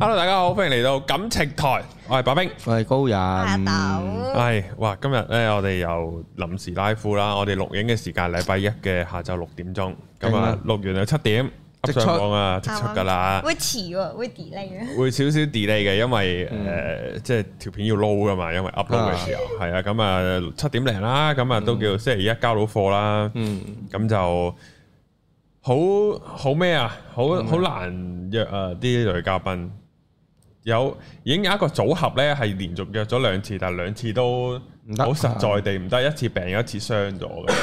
Hello，大家好，歡迎嚟到感情台。我係白兵，我係高人，係哇，今日咧我哋由臨時拉夫啦。我哋錄影嘅時間禮拜一嘅下晝六點鐘，咁啊錄完就七點，即出啊，即出噶啦。會遲喎，會 delay 啊？會少少 delay 嘅，因為誒，即係條片要撈噶嘛，因為 upload 嘅時候係啊，咁啊七點零啦，咁啊都叫星期一交到貨啦。嗯，咁就好好咩啊？好好難約啊啲女嘉賓。有已經有一個組合咧，係連續約咗兩次，但兩次都唔得。好實在地唔得，行一次病，一次傷咗嘅。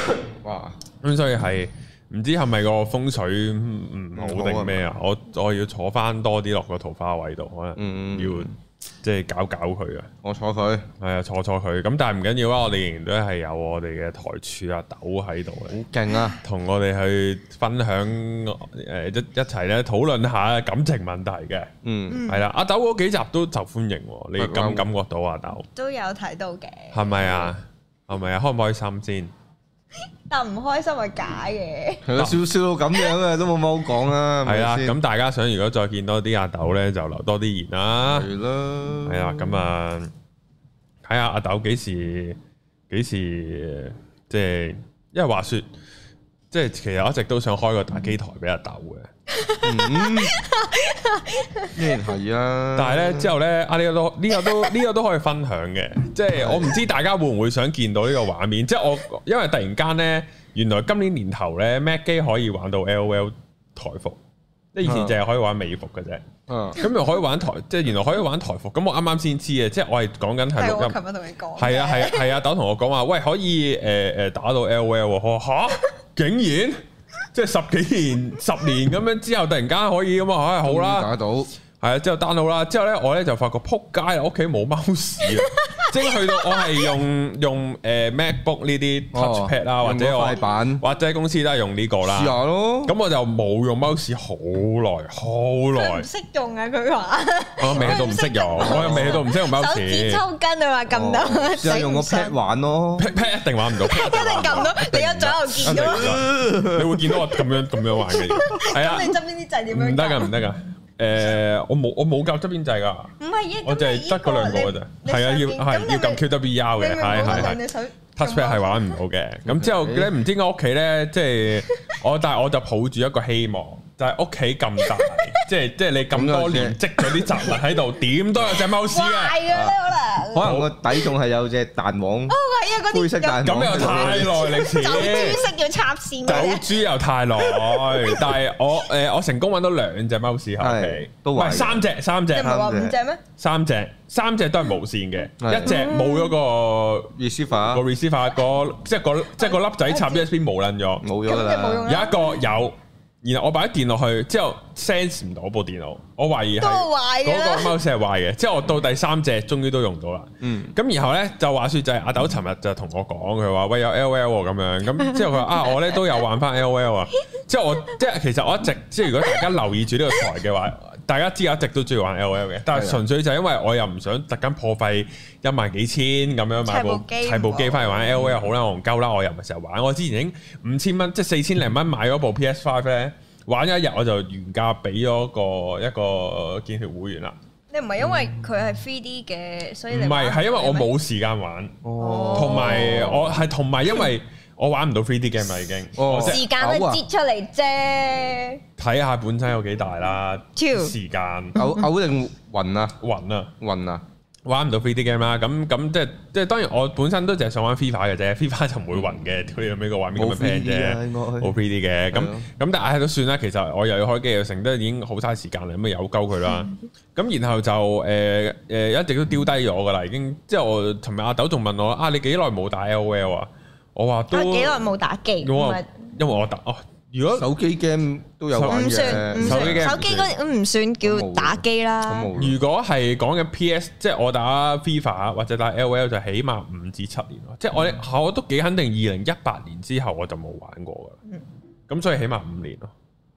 哇！咁所以係唔知係咪個風水唔 好定咩啊？ 我我要坐翻多啲落個桃花位度，可能要。即係搞搞佢啊！我坐佢係啊，坐坐佢咁，但係唔緊要啊！我哋仍然都係有我哋嘅台柱阿豆喺度嘅，好勁啊！同我哋去分享誒、呃、一一齊咧討論下感情問題嘅，嗯係啦，阿豆嗰幾集都受歡迎，你感唔、嗯、感覺到阿豆？都有睇到嘅，係咪啊？係咪啊？開唔開心先？但唔開心係假嘅，係咯、哦，笑笑到咁樣啊，都冇乜好講啦。 係啊，咁、啊、大家想如果再見多啲阿豆咧，就留多啲言啦。係啦，係啊，咁啊，睇下、啊、阿豆幾時幾時。即係因為話説，即係其實我一直都想開個打機台俾阿豆嘅。嗯，依然係啊！但係咧之後咧，呢、啊這個都呢個都呢個都可以分享嘅，即、就、係、是、我唔知大家會唔會想見到呢個畫面。即、就、係、是、我因為突然間咧，原來今年年頭咧 Mac 機可以玩到 L O L 台服，即係以前淨係可以玩美服嘅啫。咁又可以玩台，即係、啊嗯、原來可以玩台服。咁、嗯、我啱啱先知嘅，即、就、係、是、我係講緊係。錄音。琴日同你講。係啊係啊係啊，豆同、啊啊、我講話， 喂可以誒誒、呃、打到 L O L，我話吓竟然。即係十幾年、 十年咁樣之後，突然間可以咁啊、哎，好啦，搞到係啊，之後 download 啦，之後咧我咧就發覺撲街，我屋企冇貓屎。 即係去到，我係用用誒 MacBook 呢啲 touchpad 啦，或者我版，或者公司都係用呢個啦。試下咯。咁我就冇用 mouse 好耐，好耐。唔識用啊！佢話我未去到唔識用，我未去到唔識用 mouse。手指抽筋啊！話撳到。之後用個 pad 玩咯。pad 一定玩唔到。一定撳到你一早又見到。一定。你會見到我咁樣咁樣玩嘅。係啊，你側邊啲掣點樣？唔得噶，唔得噶。誒、呃，我冇我冇撳側邊掣噶，唔係我就係得嗰兩個嘅啫，係啊，你要係要撳 QWER 嘅，係係係。Touchpad back 係玩唔到嘅，咁、啊、之後咧，唔知我屋企咧，即係 我，但係我就抱住一個希望。就係屋企咁大，即係即係你咁多年積咗啲雜物喺度，點都有隻貓屎啊！壞嘅，可能可能個底仲係有隻蛋黃。因為嗰啲咁又太耐，你線九 G 插線，九 G 又太耐。但係我誒我成功揾到兩隻貓屎後備，都唔係三隻三隻，你唔係話五隻咩？三隻三隻都係無線嘅，一隻冇咗個 receiver 個 receiver 個即係個即係個粒仔插 USB 冇撚用，冇咗啦，有一個有。然後我擺啲電落去，之後 sense 唔到部電腦，我懷疑係嗰個 mouse 係壞嘅。之後我到第三隻，終於都用到啦。嗯，咁然後咧就話説就係阿豆尋日就同我講，佢話喂有 L L 咁樣，咁之後佢話啊我咧都有玩翻 L L 啊， 之後我即係其實我一直即係如果大家留意住呢個台嘅話。大家知我一直都中意玩 LOL 嘅，但係純粹就因為我又唔想特登破費一萬幾千咁樣買部機，砌部機翻嚟玩，過玩 LOL 好啦，我唔鳩啦，我又唔係成日玩，我之前已經五千蚊即係四千零蚊買咗部 PS5 咧，玩咗一日我就原價俾咗個一個健血會員啦。你唔係因為佢係 3D 嘅，所以你唔係係因為我冇時間玩，同埋、哦、我係同埋因為。 我玩唔到 3D game 啦，已經時間都擠出嚟啫。睇下本身有幾大啦，時間，嘔嘔定暈啊，暈啊，暈啊，玩唔到 3D game 啦。咁咁即係即係，當然我本身都淨係想玩 FIFA 嘅啫 FIFA 就唔會暈嘅，佢每個畫面冇 3D 嘅，冇 3D 嘅。咁咁，但係都算啦。其實我又要開機又成，都已經好嘥時間啦。咁咪由鳩佢啦。咁然後就誒誒，一直都丟低咗噶啦，已經。即係我尋日阿豆仲問我啊，你幾耐冇打 L O L 啊？我話都幾耐冇打機，因為我打哦。如果手機 game 都有玩嘅，手機 game 唔算叫打機啦。如果係講緊 PS，即係我打 FIFA 或者打 LOL 就起碼五至七年咯。即係我我都幾肯定，二零一八年之後我就冇玩過噶。咁所以起碼五年咯。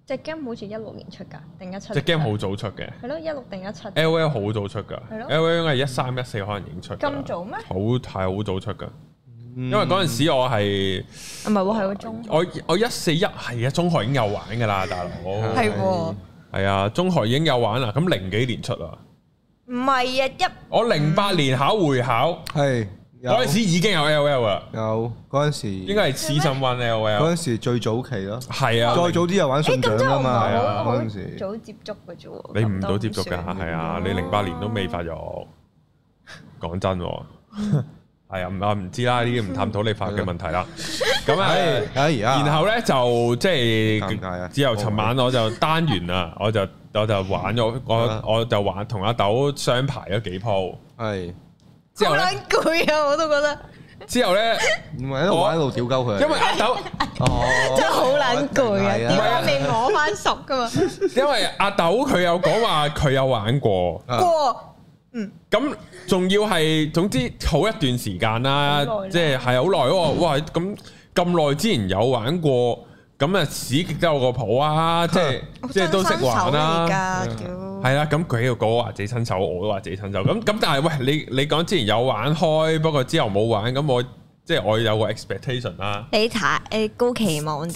隻 game 好似一六年出噶，定一七？隻 game 好早出嘅，係咯，一六定一七，LOL 好早出噶，LOL 係一三一四可能已經出，咁早咩？好太好早出噶。因為嗰陣時我係唔係喎，係個中我我一四一係啊，中學已經有玩噶啦，大佬係喎，係啊，中學已經有玩啦，咁零幾年出啊？唔係啊，一我零八年考會考係，嗰陣時已經有 LOL 啦，有嗰陣時應該係次新玩 LOL，嗰陣時最早期咯，係啊，再早啲又玩信長啊嘛，嗰陣時早接觸嘅啫，你唔早接觸噶，係啊，你零八年都未發育，講真。係啊，唔啊唔知啦，呢啲唔探討你發嘅問題啦。咁啊，然後咧就即係之後，尋晚我就單完啦，我就我就玩咗，我我就玩同阿豆雙排咗幾鋪。係，好攰啊，我都覺得。之後咧唔係喺度玩喺度屌鳩佢，因為阿豆哦真係好撚攰啊，點解未攞翻熟噶嘛。因為阿豆佢有講話，佢有玩過過。嗯，咁仲要係，總之好一段時間啦，即係係好耐喎，哇！咁咁耐之前有玩過，咁啊史極都有個譜啊，即係即係都識玩啦、啊。係啦，咁佢喺度講話自己親手，我都話自己親手。咁咁但係，喂你你講之前有玩開，不過之後冇玩，咁我即係、就是、我有個 expectation 啦、啊。你睇誒高期望啫，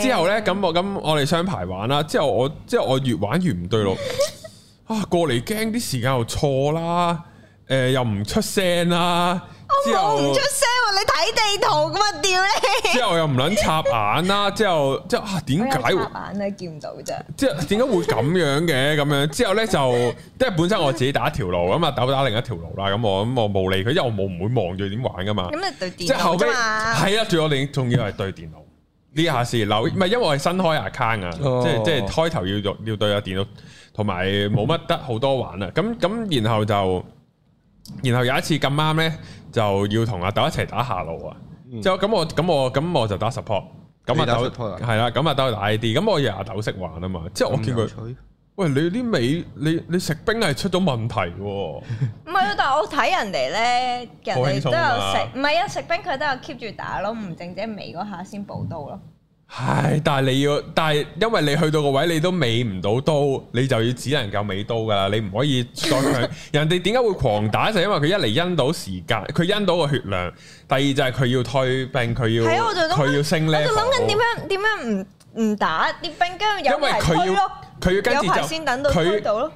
之之後咧，咁我咁我哋雙排玩啦，之後我之後我，之後我越玩越唔對路。 啊，過嚟驚啲時間又錯啦，誒又唔出聲啦，我冇唔出聲，你睇地圖咁啊，屌你！之後又唔捻插眼啦，之後即係點解？插眼啊，見唔到咋？即係點解會咁樣嘅？咁樣之後咧就即係本身我自己打一條路咁啊，斗打另一條路啦。咁我咁我無理佢，因為我冇唔會望住點玩噶嘛。咁你對電腦即後尾，係啊，仲有我哋仲要係對電腦呢下事。留唔係因為我係新開 account 啊，即係即係開頭要要對下電腦。同埋冇乜得好多玩啊！咁咁，然後就，然後有一次咁啱咧，就要同阿豆一齊打下路啊！就咁我咁我咁我就打 support 咁啊豆係啦，咁啊豆打 AD，咁、嗯、我以為阿豆識玩啊嘛！即係我見佢，喂你啲尾你你食兵係出咗問題喎！唔係啊，但係我睇人哋咧， 人哋都有食，唔係啊，食兵佢都有 keep 住打咯，唔淨止尾嗰下先補刀咯。嗯係，但係你要，但係因為你去到個位，你都尾唔到刀，你就要只能夠尾刀㗎啦，你唔可以再強。 人哋點解會狂打？就係、因為佢一嚟因到時間，佢因到個血量，第二就係佢要推兵，佢要，佢要升呢。我就諗緊點樣點樣唔唔打啲兵，因為要因住推有排佢要跟住就先等到佢。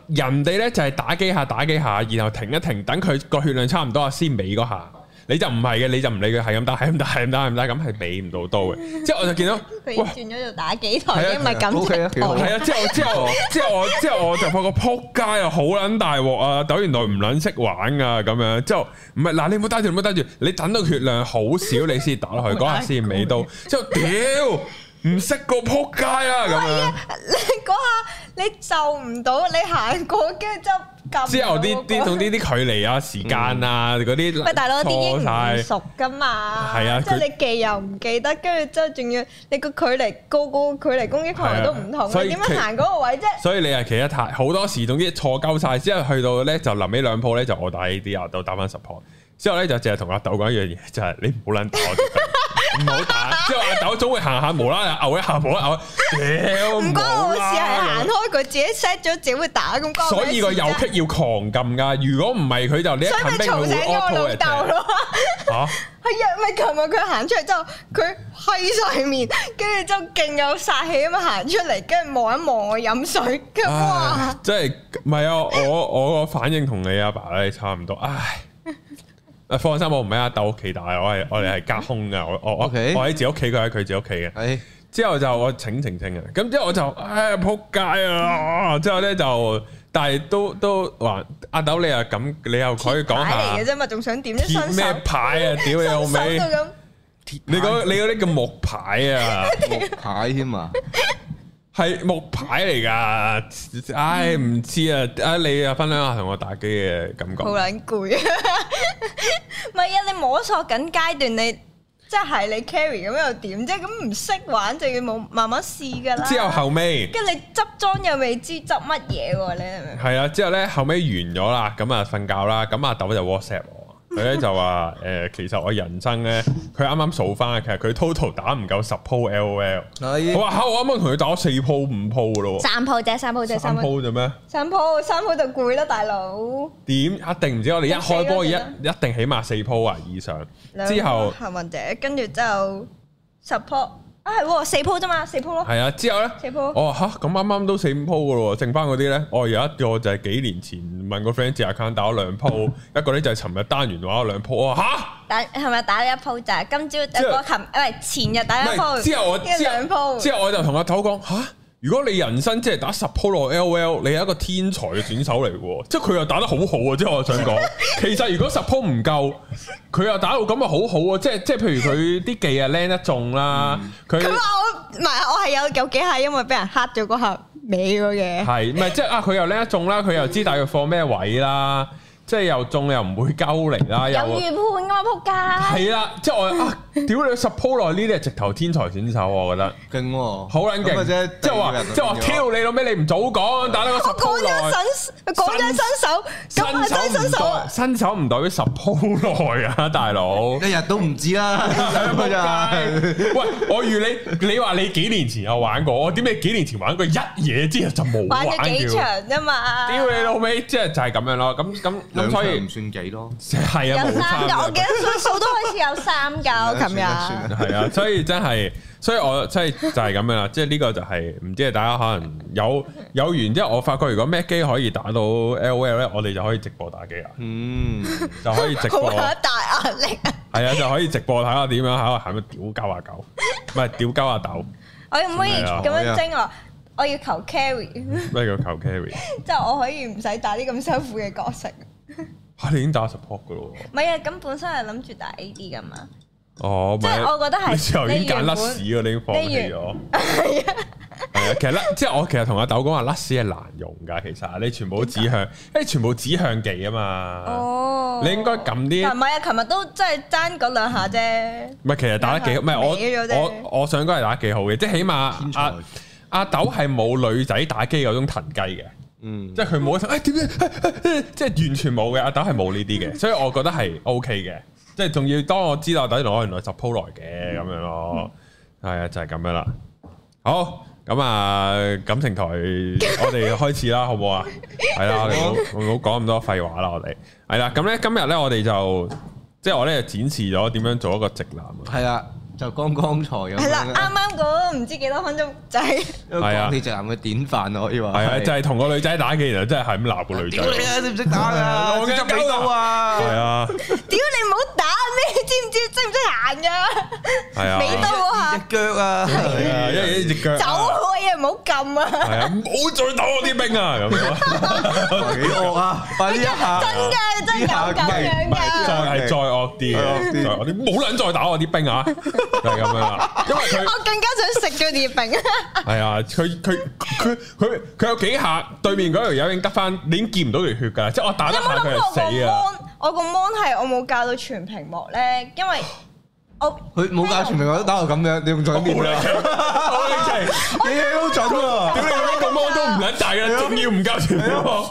人哋咧就係、是、打幾下打幾下，然後停一停，等佢個血量差唔多先尾嗰下。你就唔係嘅，你就唔理佢，係咁打，係咁打，係咁打，係咁打，咁係俾唔到刀嘅。之後我就見到佢 轉咗做打幾台，唔係咁長係啊。之後之後之後我之後我就發覺撲街啊，好撚大鑊啊，抖完台唔撚識玩啊，咁樣。之後唔係嗱，你唔好打住，唔好打住，你等到血量好少，你先打落去，嗰下先尾刀。之後屌！唔識個仆街啦，咁樣。呀你嗰下你就唔到，你行過跟住就撳，那個。之後啲啲同啲啲距離啊、時間啊嗰啲，唔、嗯、熟噶嘛。係啊，即係你記又唔記得，跟住之後仲要你個距離高高，距離攻擊範圍都唔同，點、啊、樣行嗰個位啫？所以你係騎得太好多時錯，總之錯鳩晒之後去到咧就臨尾兩鋪咧就我打，我打，我打 support，呢啲阿豆打翻十鋪，之後咧就淨係同阿豆講一樣嘢，就係、是、你唔好撚打 唔好 打，之後阿豆總會行下，無啦啦嘔一下，無啦啦，屌！唔該我好似係行開佢自己 set 咗，自會打咁。所以個右翼要狂撳噶，如果唔係佢就你一。所嘈醒咗我老豆咯。吓係啊！咪琴日佢行出嚟之後，佢黑晒面，跟住就勁有殺氣咁行出嚟，跟住望一望我飲水咁。哇！ 哎、即係唔係啊？我我個反應同你阿爸咧差唔多唉。哎啊，放心，我唔係阿豆，屋企㗎，我係我哋係隔空嘅，我我我 Okay? 我喺自己屋企，佢喺佢自己屋企嘅，係是，之後就我請晴晴啊，咁之後我就，唉、哎、仆街啊！之後咧就，但係都都話、啊、阿豆你又咁，你又可以講下牌嚟嘅啫嘛，仲想點啲新咩牌啊？屌你老味！你講你講呢木牌啊，木牌添啊！ 係木牌嚟噶，唉唔知啊，啊你啊分享下同我打機嘅感覺。好撚攰，唔係啊，你摸索緊階段，你即係你 carry 咁又點？即係咁唔識玩就要冇慢慢試噶啦。之後後尾，跟住你執裝又未知執乜嘢咧？你係咪？係啊，之後咧後尾完咗啦，咁啊瞓覺啦，咁阿豆就 WhatsApp。佢咧就話誒，其實我人生咧，佢啱啱數翻，其實佢 total 打唔夠十鋪 L O L 剛剛。係。我話吓，我啱啱同佢打咗四鋪、五鋪噶咯。三鋪啫，三鋪啫，三鋪啫咩？三鋪，三鋪就攰啦，大佬。點？一定唔知我哋一開波一一定起碼四鋪啊以上，次之後幸運者跟住之後就十鋪。啊係喎，哦，四鋪啫嘛，四鋪咯。係啊，之後咧，四鋪。哦嚇，咁啱啱都四五鋪噶咯喎，剩翻嗰啲咧，哦有一個就係幾年前問個 friend 借 account 打咗兩鋪， 一個咧就係尋日單元玩咗兩鋪啊嚇，打係咪打咗一鋪咋，就係？今朝我琴唔係前日打一鋪，之後我之後兩鋪，之後我就同阿頭講嚇。如果你人生即係打十鋪落 LOL，你係一個天才嘅選手嚟嘅， 即係佢又打得好好啊！即係 我想講，其實如果十鋪唔夠，佢又打到咁啊好好啊！即係即係，譬如佢啲技啊，靚得中啦。佢佢話我唔係，我係有有幾下因為俾人黑咗嗰下尾嗰嘢。係唔係即係啊？佢又靚得中啦，佢又知大約放咩位啦。即係又中又唔會鳩嚟啦，有預判噶嘛撲街？係啦，即係我啊，屌你十鋪內呢啲係直頭天才選手喎，我覺得勁喎，好撚勁。即係我話，即係我話，屌你老尾，你唔早講，打你個十鋪內，新新手唔代表十鋪內啊，大佬，一日都唔知啦，就係。喂，我預你，你話你幾年前有玩過，我點解幾年前玩過一夜之後就冇玩？玩咗幾場啫嘛。屌你老尾，即係就係咁樣咯，咁咁。所以唔算幾多，係啊，有三個，我記得最少都好似有三個咁樣。係啊，所以真係，所以我即係就係咁樣啦。即係呢個就係唔知係大家可能有有緣。之後我發覺如果 Mac 機可以打到 L O L 咧，我哋就可以直播打機啦。嗯，就可以直播大壓力。係啊，就可以直播睇下點樣喺度行乜屌鳩阿狗，唔係屌鳩阿豆。我可唔可以咁樣蒸我？我要求 carry 咩叫求 carry？即係我可以唔使打啲咁辛苦嘅角色。吓你已經打十 u p p o 噶咯？唔係啊，咁本身係諗住打 AD 噶嘛。哦，即係我覺得係你已經揀甩屎啊，你已經放棄咗。係啊，係啊，其實甩，即係我其實同阿豆講話甩屎係難用噶。其實你全部指向，誒，全部指向技啊嘛。哦，你應該撳啲。唔係啊，琴日都真係爭嗰兩下啫。唔係，其實打得幾唔係我我我想講係打幾好嘅，即係起碼阿阿豆係冇女仔打機嗰種騰雞嘅。嗯即，哎啊啊啊，即係佢冇一聲，誒點樣，即係完全冇嘅，阿豆係冇呢啲嘅，所以我覺得係 O K 嘅，即係仲要當我知道阿豆攞原來十鋪來嘅，咁樣咯，係，嗯嗯、啊，就係、是，咁樣啦。好，咁、嗯、啊，感情台我哋開始啦，好唔好啊？係啦，唔好唔好講咁多廢話啦，我哋係啦，咁咧今日咧我哋就即係、就是、我咧展示咗點樣做一個直男，係啦。就剛剛才咁，係啦，啱啱講唔知幾多分鐘仔。係啊，鋼鐵直男嘅典範可以話。係就係同個女仔打嘅，然後真係咁鬧個女仔。屌啊！識唔識打㗎？攞隻尾刀啊！係啊！屌你唔好打咩？知唔知？識唔識行㗎？係啊！尾刀啊！腳啊！係啊！一隻腳走開啊！唔好撳啊！唔好再打我啲兵啊！咁啊！幾惡啊！真嘅真係咁樣嘅，再係再惡啲，啲冇撚再打我啲兵啊！就係咁樣啦， 因為我更加想食咗啲月餅。係啊，佢佢佢佢佢有幾下對面嗰條友已經得返，你已經見唔到條血噶，即係我打到佢死啊！我個 mon 我個 mon 係我冇教到全屏幕咧，因為。 佢冇加全命我都打到咁樣，你仲再冇啦？嘢都準喎，點解咁多都唔捻大啦？仲要唔夠全命？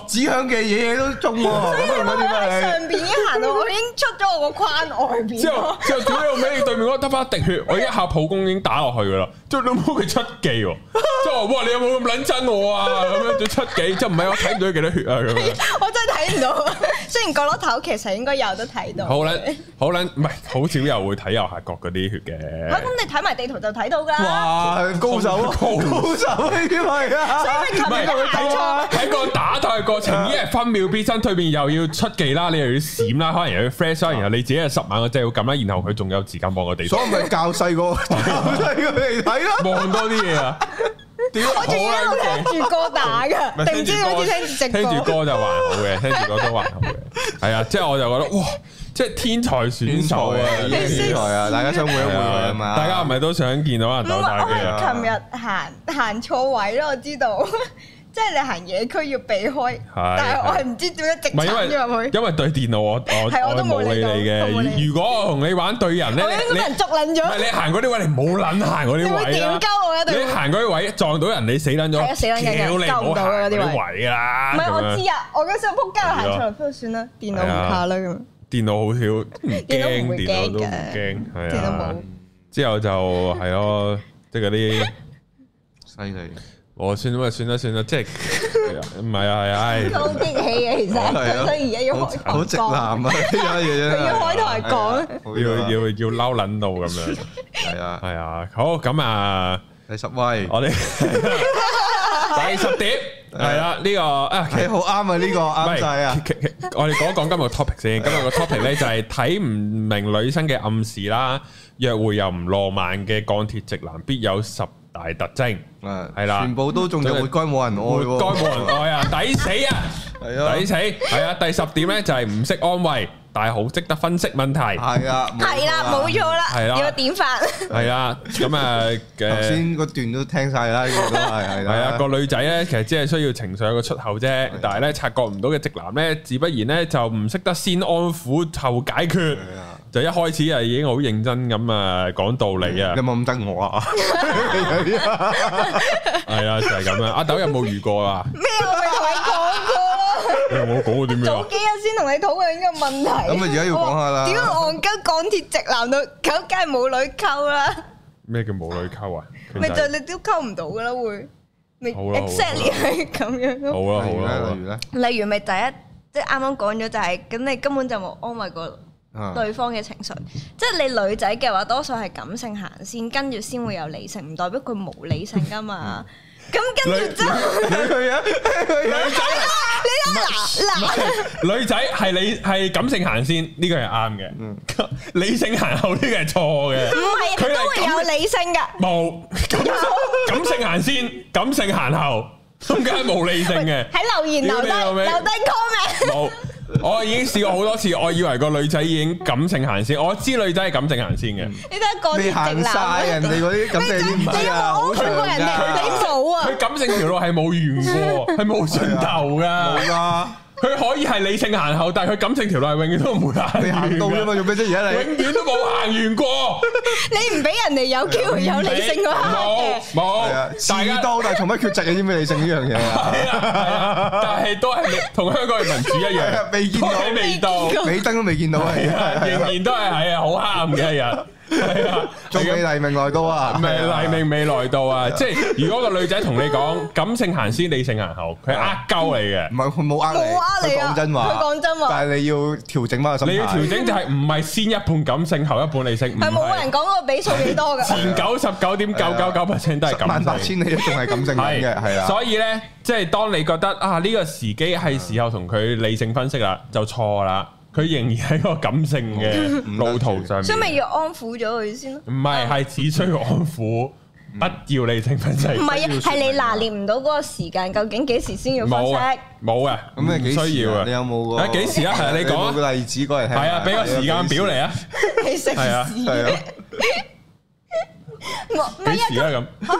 指向嘅嘢嘢都中喎，咁樣點啊？上邊一行到我已經出咗我個框外邊。之後之後點樣？俾對面嗰得翻一滴血，我一下普攻已經打落去噶啦。之後你冇佢出技喎，即係話哇你有冇咁捻真我啊？咁樣出技，即係唔係我睇唔到幾多血啊？咁我真係睇唔到，雖然角落頭其實應該有得睇到。好捻好捻，唔係好少又會睇又係。各啲血嘅，咁、嗯、你睇埋地圖就睇到噶啦。哇，高手高手啲咪啊，所以你頭先講睇個打鬥嘅過程，依係 分秒必爭，對面又要出技啦，你又要閃啦，可能又要 flash 啦，然後你自己係十萬個掣要撳啦，然後佢仲有時間望個地圖，所以咪教細個，教細個嚟睇啦，望多啲嘢啊。好我，住音，聽住歌打定唔 是知好似聽住，聽住歌就還好嘅， 聽住歌都還好嘅，係 啊，即係我就覺得，哇，即係天才選手啊，天才啊，大家想會一會啊，嘛、啊，啊、大家唔係都想見到人鬥太極啊？琴是日行行錯位咯，我知道。 即係你行野區要避開，但係我係唔知點樣直撐咗入去。因為對電腦，我我都冇理嘅。如果我同你玩對人咧，我呢個人捉捻咗。你行嗰啲位，你冇捻行嗰啲位啦。點鳩我一對？你行嗰啲位撞到人，你死捻咗，叫你唔好行。唔好行嗰啲位啊！唔係我知啊，我嗰陣扑街行錯路，算啦，電腦唔怕啦咁。電腦好少驚，電腦唔會驚嘅，驚係啊。電腦冇之後就係咯，即係嗰啲犀利。我算啦，算啦算啦，即係唔係啊係。好激氣啊。其實，所以而家要好直男啊，要開台講，要要要嬲撚到咁樣。係啊係啊，好咁啊，第十位，我哋第十點係啦，呢個啊，其實好啱啊，呢個啱晒啊。我哋講一講今日 topic 先，今日個 topic 咧就係睇唔明女生嘅暗示啦，約會又唔浪漫嘅鋼鐵直男必有十。大特徵，係啦，全部都中咗，活該冇人愛，活該冇人愛啊，抵死啊，抵死，係啊，第十點咧，就係唔識安慰，但係好識得分析問題，係啊，係啦，冇錯啦，係啦，點法，係啊，咁啊，頭先嗰段都聽晒啦，係係係啊，個女仔咧，其實只係需要情緒有個出口啫，但係咧察覺唔到嘅直男咧，自不然咧就唔識得先安撫後解決。就一開始啊，已經好認真咁啊講道理啊！有冇咁憎我啊？係啊，就係咁啊！阿豆有冇遇過啊？咩？我咪同你講過咯。有冇講過點樣？早幾日先同你討論呢個問題。咁啊，而家要講下啦。點戇鳩港鐵直男到，梗係冇女溝啦！咩叫冇女溝啊？咪就你都溝唔到噶啦，會 exactly 係咁樣。好啦好啦。例如咧，例如咪第一，即係啱啱講咗就係，咁你根本就冇安慰過。對方嘅情緒，即係你女仔嘅話，多數係感性行先，跟住先會有理性，唔代表佢冇理性噶嘛。咁跟住，你係啊？女仔，你啊，男男，女仔係理係感性行先，呢個係啱嘅。嗯，理性行後呢個係錯嘅。唔係，佢都會有理性噶。冇，咁咁感性行先，感性行後，中間冇理性嘅。喺留言留低，留低 comment。冇。 我已經試過好多次，我以為個女仔已經感性行先，我知女仔係感性行先嘅，你行晒人哋嗰啲感性啲唔係啊？冇盡噶，佢感性條路係冇完喎，係冇盡頭噶。 佢可以係理性行後，但係佢感情條路係永遠都唔會行你行到啫嘛，做咩啫？而家，你永遠都冇行完過。你唔俾人哋有機會有理性啊？冇冇，士多但係從咩缺席啊？點解理性呢樣嘢，但係都係同香港人民主一樣，未見到未到，尾燈都未見到啊！仍然都係係啊，好黑暗嘅一日。係啊，仲未黎明來到啊，未黎明未來到啊，即係如果個女仔同你講感性行先，理性行後，佢呃鳩嚟嘅，唔係佢冇呃你，冇呃你，講真話，佢講真話，但係你要調整翻個心態，你要調整就係唔係先一半感性後一半理性，係冇人講個比數幾多嘅，前九十九點九九九 percent 都係感性，萬八千你都仲係感性嘅，係啊，所以咧，即係當你覺得啊呢個時機係時候同佢理性分析啦，就錯啦。佢仍然喺一個感性嘅路途上，所以咪要安撫咗佢先咯。唔係，係只需要安撫，不要理性分析。唔係，係你拿捏唔到嗰個時間，究竟幾時先要分析？冇啊，咁你幾需要啊？你有冇？誒，幾時啊？係啊，你講個例子過嚟睇下。係啊，俾個時間表嚟啊。係啊，係啊。我幾時啊？咁，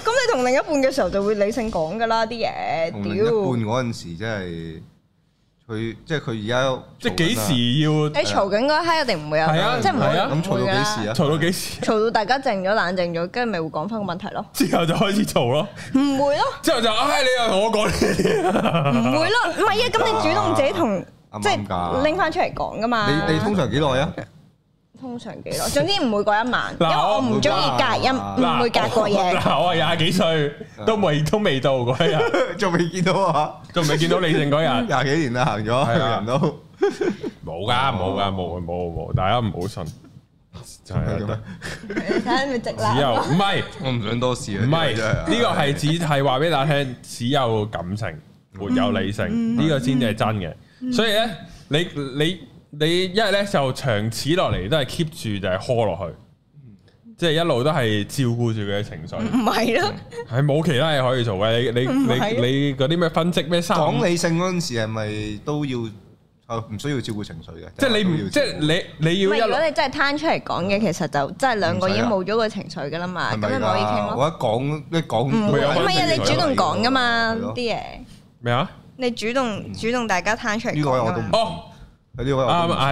咁你同另一半嘅時候就會理性講㗎啦啲嘢。同另一半嗰陣時真係。佢即係佢而家即係幾時要？你嘈緊嗰刻一定唔會有，係啊，即係唔會啊，咁嘈到幾時啊？嘈到幾時？嘈到大家靜咗、冷靜咗，跟住咪會講翻個問題咯。之後就開始嘈咯，唔會咯。之後就唉，你又同我講呢啲，唔會咯，唔係啊，咁你主動自己同即係拎翻出嚟講噶嘛？你你通常幾耐啊？通常幾多？總之唔會過一晚。嗱，我唔中意隔音，唔會隔過夜。嗱，我係廿幾歲，都未都未到嗰日，仲未見到啊，仲未見到理性嗰日。廿幾年啦，行咗，人都冇㗎，冇㗎，冇冇冇，大家唔好信。就睇下咪直啦。只有唔係，我唔想多事。唔係呢個係只係話俾大家聽，只有感情，沒有理性，呢個先至係真嘅。所以咧，你你。你一係咧就長此落嚟都係 keep 住就係喝落去，即係一路都係照顧住佢嘅情緒。唔係咯，係冇其他嘢可以做嘅。你你你嗰啲咩分析咩？講理性嗰陣時係咪都要唔需要照顧情緒嘅？即係你唔即係你你要一。如果你真係攤出嚟講嘅，其實就真係兩個已經冇咗個情緒㗎啦嘛，咁你咪可以傾咯。我一講一講，唔係啊！你主動講噶嘛啲嘢。咩啊？你主動主動大家攤出嚟講。呢個我都唔。啱，係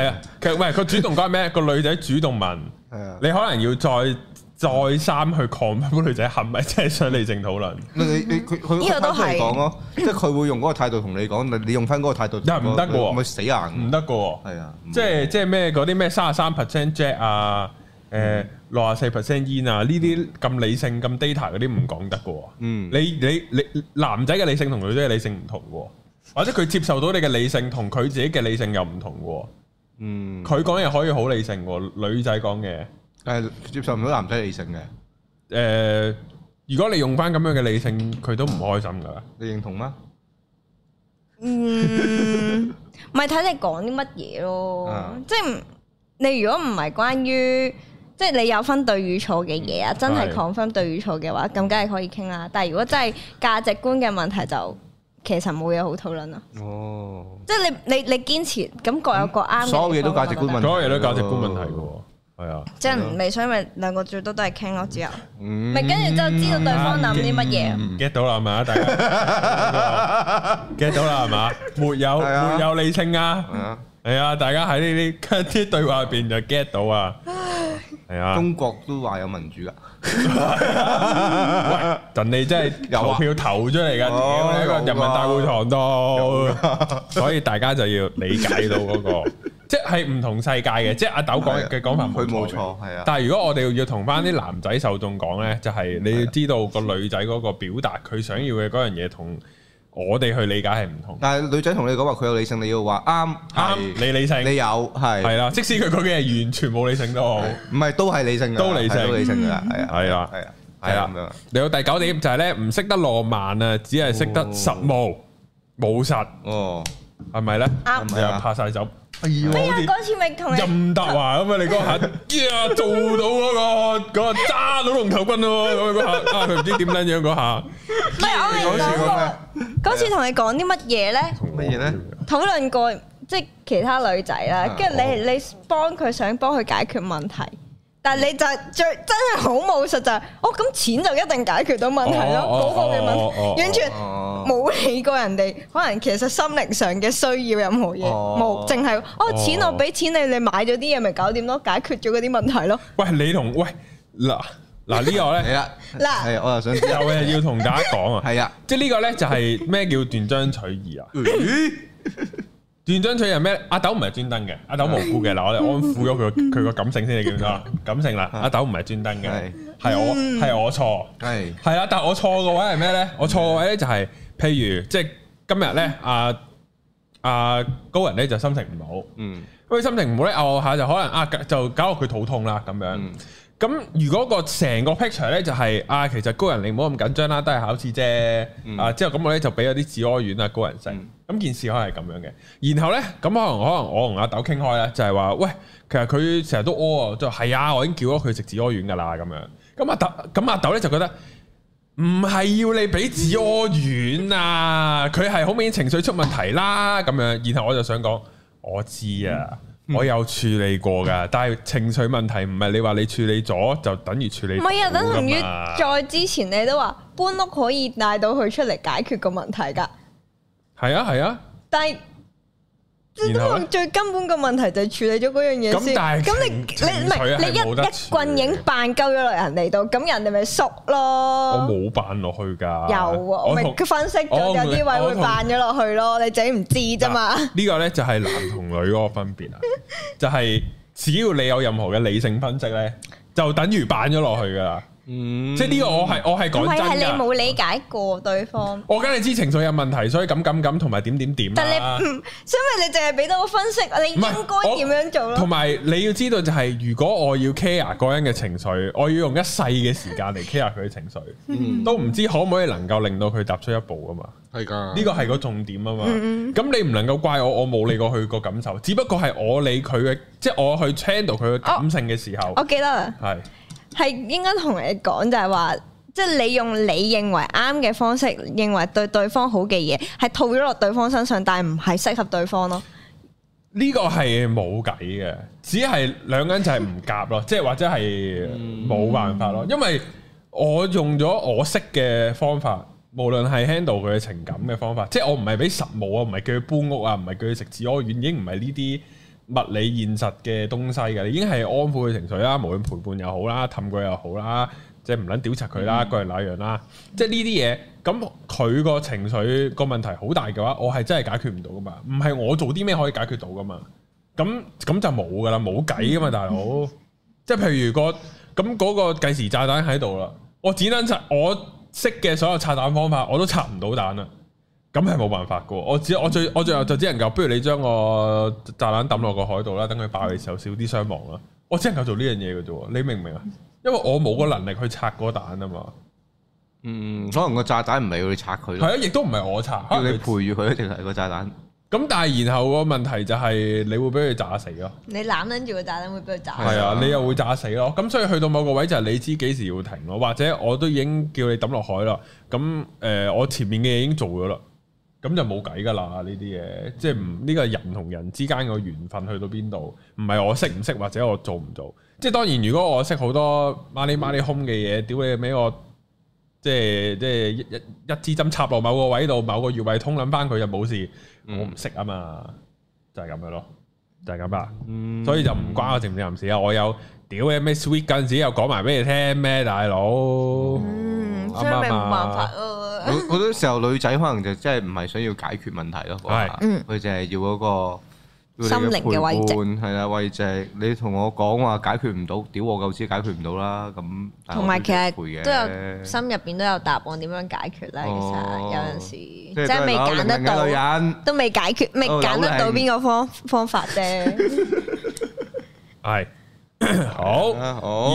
啊，其實唔係主動關咩？個女仔主動問，係啊，你可能要再再三去抗，嗰女仔係咪真係想理性討論。你你佢佢都嚟講咯，即係佢會用嗰個態度同你講，你用翻嗰個態度，唔得噶，咪死硬，唔得噶，係啊，即係即係咩嗰啲咩三十三 percent jack 啊，誒，六廿四 percent 煙啊，呢啲咁理性咁 data 嗰啲唔講得噶。嗯，你你你男仔嘅理性同女仔嘅理性唔同噶。或者佢接受到你嘅理性，同佢自己嘅理性又唔同嘅。嗯，佢講嘢可以好理性，女仔講嘢，但係接受唔到男仔理性嘅。誒、呃，如果你用翻咁樣嘅理性，佢都唔開心噶。你認同嗎？唔、嗯，唔係睇 你講啲乜嘢咯。啊、即係你如果唔係關於，即係你有分對與錯嘅嘢啊，嗯、真係講分對與錯嘅話，咁梗係可以傾啦。但係如果真係價值觀嘅問題就，其實冇嘢好討論啊！哦，即係你你你堅持，咁各有各啱。所有嘢都價值觀問，所有嘢都價值觀問題嘅喎，係啊。真唔理，所以咪兩個最多都係傾咯，之後咪跟住就知道對方諗啲乜嘢。get 到啦係嘛？大家 get 到啦係嘛？沒有沒有理性啊！係啊，大家喺呢啲啲對話入邊就 get 到啊！係啊，中國都話有民主㗎。人哋真係投票投出嚟噶，呢個人民大會堂度，所以大家就要理解到嗰個，即係唔同世界嘅。即係阿豆講嘅講法，佢冇錯，係啊。但係如果我哋要同返啲男仔受眾講呢，就係你要知道個女仔嗰個表達，佢想要嘅嗰樣嘢同。我哋去理解係唔同，但係女仔同你講話佢有理性，你要話啱啱你理性，你有係係啦，即使佢講嘅係完全冇理性都好，唔係都係理性，都理性，都理性嘅係啊係啊係啊，咁樣。嚟到第九點就係咧，唔識得浪漫啊，只係識得實務冇實哦，係咪咧？啱，係啊，怕晒走。哎呀！嗰、嗯、辣次咪同任達華吖嘛？你嗰下耶做到嗰、嗰個嗰個揸到龍頭軍咯，下啊，佢唔知點捻樣嗰下。唔係我係嗰果次，嗰次同你講啲乜嘢咧？乜嘢咧？討論過即係其他女仔啦，跟住你你幫佢想幫佢解決問題。但係你就最真係好冇實際，就是，哦咁錢就一定解決到問題咯，嗰、哦、個嘅問題完全冇理過人哋，可能其實心靈上嘅需要任何嘢，冇淨係哦，哦錢我俾錢你，你買咗啲嘢咪搞掂咯，解決咗嗰啲問題咯。喂，你同，喂嗱嗱、這個、呢個咧係啦，嗱係我又想又 要同大家講啊，係啊的，即係呢個咧就係、是、咩叫斷章取義啊？ 斷章取義咩？阿豆唔係專登嘅，阿豆無辜嘅。嗱，我哋安撫咗佢佢個感性先，你叫到感性啦。阿豆唔係專登嘅，係我係我錯，係係啦。但係我錯嘅位係咩咧？我錯嘅位咧就係、是，譬如即係今日咧，阿、啊、阿、啊、高人咧就心情唔好，嗯，咁佢心情唔好咧，拗下就可能啊，就搞到佢肚痛啦咁樣。嗯咁如果個成個 picture 咧就係、是、啊，其實高人你唔好咁緊張啦，都係考試啫。嗯、啊之後咁我咧就俾咗啲止屙丸啊，高人食。咁、嗯、件事可能係咁樣嘅。然後咧咁可能可能我同阿豆傾開咧就係、是、話，喂，其實佢成日都屙，就係啊，我已經叫咗佢食止屙丸噶啦咁樣。咁阿豆咁阿豆咧就覺得唔係要你俾止屙丸啊，佢係好明顯情緒出問題啦咁樣。然後我就想講，我知啊。嗯我有處理過㗎，但係情緒問題唔係你話你處理咗就等於處理唔係啊，等同於在之前你都話搬屋可以帶到佢出嚟解決個問題㗎，係啊係啊，啊但係。即係最根本嘅問題就係處理咗嗰樣嘢先，咁你你唔係你一一棍影扮鳩咗落人嚟，到，咁人哋咪熟咯。我冇扮落去噶，有啊，我咪分析咗有啲位會扮咗落去咯，你自己唔知咋嘛。呢個咧就係男同女個分別啊，就係只要你有任何嘅理性分析咧，就等於扮咗落去噶啦。嗯，即係呢個我係我係講真唔係你冇理解過對方。嗯、我梗係知情緒有問題，所以咁咁咁同埋點點點啦。但係、嗯，所以咪你淨係俾到個分析，是你應該點樣做咯？同埋你要知道、就是，就係如果我要 care 個人嘅情緒，我要用一世嘅時間嚟 care 佢嘅情緒， 嗯、都唔知可唔可以能夠令到佢踏出一步啊？嘛，係噶的，呢個係個重點啊嘛。咁、嗯、你唔能夠怪我，我冇理過佢個感受，只不過係我理佢嘅，即係我去 handle 佢嘅感性嘅時候、哦。我記得啦，係。係應該同你講就係話，即係你用你認為啱嘅方式，認為對對方好嘅嘢，係套咗落對方身上，但係唔係適合對方咯。呢個係冇計嘅，只係兩個人就係唔夾咯，即係 或者係冇辦法咯。因為我用咗我識嘅方法，無論係 handle 佢嘅情感嘅方法，即係我唔係俾實物啊，唔係叫佢搬屋啊，唔係叫佢食字，我已經唔係呢啲。物理現實嘅東西嘅，你已經係安撫佢情緒啦，無論陪伴又好啦，氹佢又好啦，即係唔撚屌柒佢啦，各樣那樣啦，嗯、即係呢啲嘢，咁佢個情緒個問題好大嘅話，我係真係解決唔到噶嘛，唔係我做啲咩可以解決到噶嘛，咁咁就冇噶啦，冇計噶嘛，大佬，嗯、即係譬如個咁嗰個計時炸彈喺度啦，我只能拆，我識嘅所有拆彈方法，我都拆唔到彈啦。咁係冇辦法噶，我只我最我最後就只能夠，不如你將個炸彈抌落個海度啦，等佢爆嘅時候少啲傷亡啦。我只能夠做呢樣嘢嘅啫，你明唔明啊？因為我冇個能力去拆個彈啊嘛。嗯，可能個炸彈唔係要你拆佢，係啊，亦都唔係我拆，要你陪住佢。一定係個炸彈咁，但係然後個問題就係你會俾佢炸死咯。你攬撚住個炸彈會俾佢炸死，係啊，你又會炸死咯，啊。咁所以去到某個位就係你知幾時要停咯，或者我都已經叫你抌落海啦。咁誒、呃，我前面嘅嘢已經做咗啦。咁就冇計噶啦，呢啲嘢，即係唔呢個人同人之間個緣分去到邊度，唔係我識唔識或者我做唔做，即係當然如果我識好多馬里馬里胸嘅嘢，屌你咩我，即係即係一一支針插落某個位度，某個穴位通捻翻佢就冇事，我唔識啊嘛，就係咁樣咯，就係咁啦，所以就唔關我正唔正事啊，我有屌咩 sweet 嗰陣時又講埋俾你聽咩大佬，嗯，真係冇辦法啊。好多時候女仔可能就真係唔係想要解決問題咯，佢就係要嗰個心靈嘅慰藉。係啦，慰藉你同我講話解決唔到，屌我夠知解決唔到啦。咁同埋其實都有心入邊都有答案，點樣解決咧？其實有陣時即係未揀得到，都未解決，未揀得到邊個方方法啫。係好，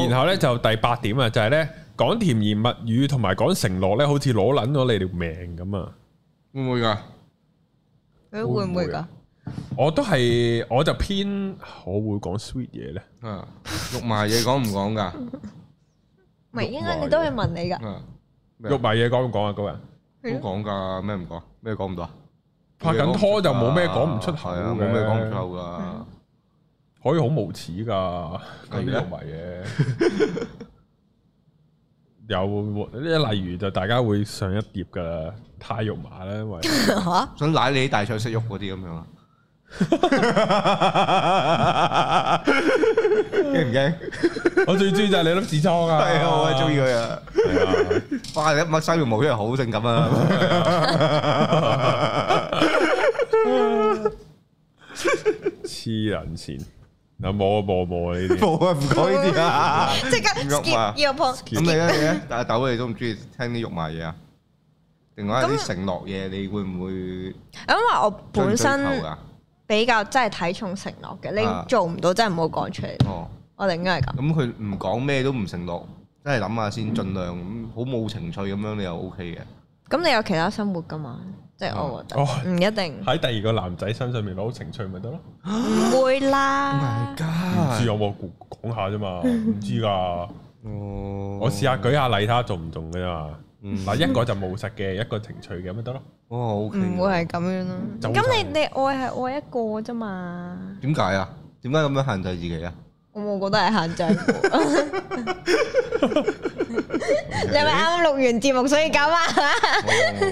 然後咧就第八點啊，就係咧。講甜言蜜語同埋講承諾咧，好似攞捻咗你條命咁啊！會唔會噶？你會唔會噶？我都係，我就偏好會講 sweet 嘢咧。啊，肉麻嘢講唔講噶？唔係應該你都係問你噶。肉麻嘢講唔講啊？今日好講噶，咩唔講？咩講唔到啊？拍緊拖就冇咩講唔出口，冇咩講唔出噶，可以好無恥噶。咁你肉麻嘢？有呢，例如就大家會上一碟噶啦，太肉麻咧，為吓想舐你大腸息肉嗰啲咁樣啦，驚唔驚？我最中意就係你粒痔瘡啊！係啊，我係中意佢啊！哇，你咁生完毛真係好性感啊！黐人線。有冇啊？冇冇呢啲，冇啊唔講呢啲啦，即刻。肉麻，咁你大阿豆你中唔中意聽啲肉麻嘢啊？另外有啲承諾嘢，你，你會唔會追追？因為我本身比較真係睇重承諾嘅，你做唔到真係唔好講出嚟。哦、啊，我哋應該係咁。咁佢唔講咩都唔承諾，真係諗下先，盡量好冇情趣咁樣你又 O K 嘅。咁你有其他生活噶嘛？即係我唔一定喺、哦、第二個男仔身上面攞情趣咪得咯？唔、哦、會啦！唔、oh、係噶，唔知有冇講下啫嘛？唔知噶，我試下舉下例睇下做唔做噶啫嘛？嗱、嗯，一個就冇實嘅，一個情趣嘅，咪得咯。哦，O、okay、唔會係咁樣咯？咁、嗯、你你愛係愛一個啫嘛？點解啊？點解咁樣限制自己啊？我冇覺得係限制，你係咪啱啱錄完節目所以咁啊？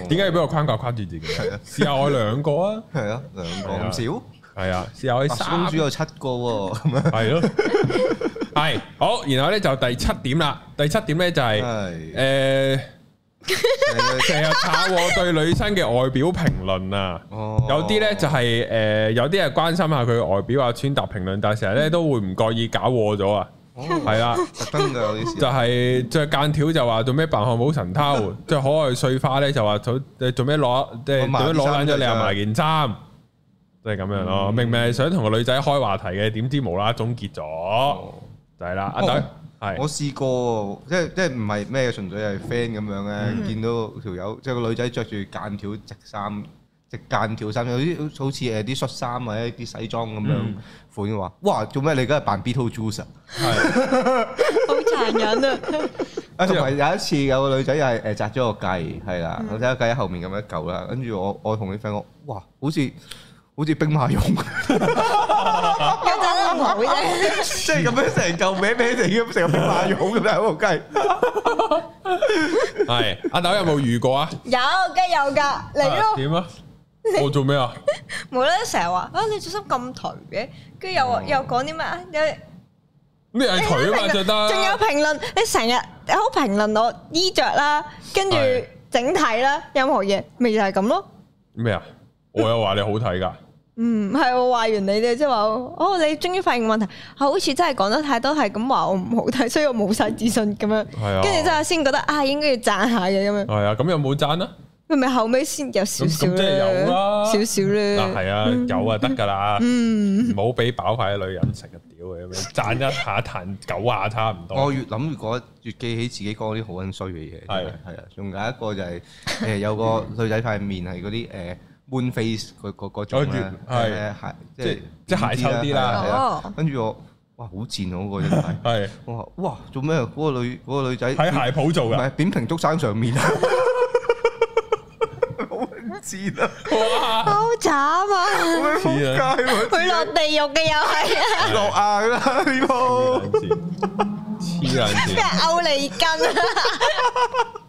點解要俾我框架框住自己？ 試下我兩個啊，係 啊，兩個咁少，係 啊，試下我三，公主有七個喎、啊，咁樣係咯，係 好，然後咧就第七點啦，第七點咧就係、是、誒。 呃成日炒我對女生嘅外表評論啊，有啲咧就係誒，有啲係關心下佢外表啊，穿搭評論，但係成日咧都會唔覺意搞禍咗啊，係啦、哦，了特登嘅有啲事，就係着間條就話做咩扮漢堡神偷，着 可愛碎花咧就話做咩攞即係攞爛咗你阿媽件衫，即係咁樣咯，嗯、明明係想同個女仔開話題嘅，點知無啦啦終結咗，哦、就係啦，阿、啊啊是我試過，即係即係唔係咩，純粹係 friend 咁樣咧，嗯、見到條友即係個女仔着住間條直衫，直係間條衫，有啲好似誒啲恤衫或者啲西裝咁樣款嘅話，嗯、哇！做咩你而家係扮 b e t o j u i c e s 係是， 好殘忍啊！啊，同埋有一次有一個女仔又係誒紮咗個髻，係啦，嗯、我個睇個髻喺後面咁一嚿啦，跟住我我同啲 friend 講，哇，好似～好似兵馬俑，即係咁樣成嚿歪歪地咁，成個兵馬俑咁樣喺度雞。係阿豆有冇遇過啊？有，梗有噶，嚟咯點啊？我做咩啊？無啦，成日話啊，你做乜咁頹嘅，跟住又又講啲咩啊？咩係頹啊嘛？我覺得。仲有評論，你成日好評論我衣着啦，跟住整體啦，任何嘢咪就係咁咯。咩啊？我有話你好睇噶。嗯，係我話完你哋，即係話哦，你終於發現問題，好似真係講得太多，係咁話我唔好睇，所以我冇晒自信咁樣。係啊。跟住之後先覺得啊，應該要讚下嘅咁樣。係啊，咁又冇讚啊。係咪後尾先有少少咧？咁咁即係有啦，少少咧。嗱，係啊，有啊，得噶啦。嗯。唔好俾飽快啲女人食啊！屌佢咁樣，讚一下，彈九下差唔多。我越諗越覺得越記起自己講啲好衰嘅嘢。係啊係啊，仲有一個就係誒，有個女仔塊面係嗰啲誒。半飛嗰嗰嗰種咧，係即係即係鞋臭啲啦，跟住我哇好賤嗰個人係，我話哇做咩啊？嗰個女嗰個女仔喺鞋鋪做嘅，唔係扁平足山上面，好賤啊，好慘啊！唔知啊，佢落地獄嘅又係啊，落硬啊呢係，黐線，勾脷根。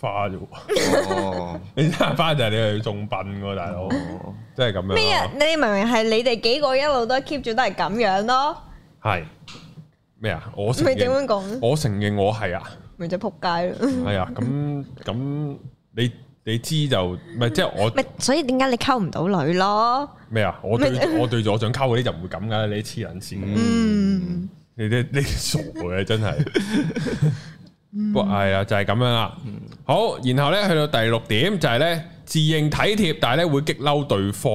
花啫、哦、你花就係你係中笨喎，大佬，哦、真係咁樣。咩啊？你明明係你哋幾個一路都 keep 住都係咁樣咯。係咩啊？我你點樣講？我承認我係啊。咪、啊、就撲街、就是、咯。係啊，咁咁你你知就咪即係我所以點解你溝唔到女咯？咩啊？我對 我對住我想溝嗰啲就唔會咁噶啦，你黐人線，你啲你啲傻嘅真係。 係啊，就係咁樣啦。Hmm. 好，然後咧去到第六點就係、是、咧自認體貼，但係咧會激嬲對方。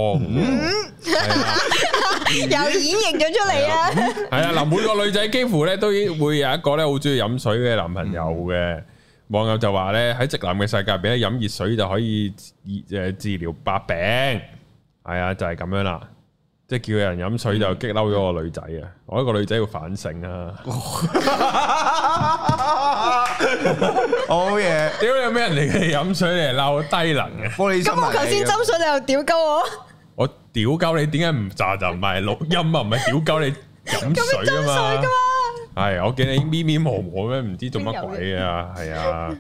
又演繹咗出嚟啊！係、哎嗯、啊，嗱，每個女仔幾乎咧都會有一個咧好中意飲水嘅男朋友嘅、mm hmm. 網友就話咧喺直男嘅世界俾咧飲熱水就可以誒治療百病。係、哎、啊，就係、是、咁樣啦，即、就、係、是、叫人飲水就激嬲咗個女仔啊！我一個女仔要反省啊！ 好嘢！屌你、 oh, yeah. 有咩人嚟嘅？飲水嚟鬧低能嘅。咁我頭先斟水你又屌鳩我。我屌鳩你點解唔咋咋唔係錄音啊？唔係屌鳩你飲水啊嘛？ 水㗎嘛？係 我見你咪咪毛毛咩？唔知做乜鬼啊？係啊，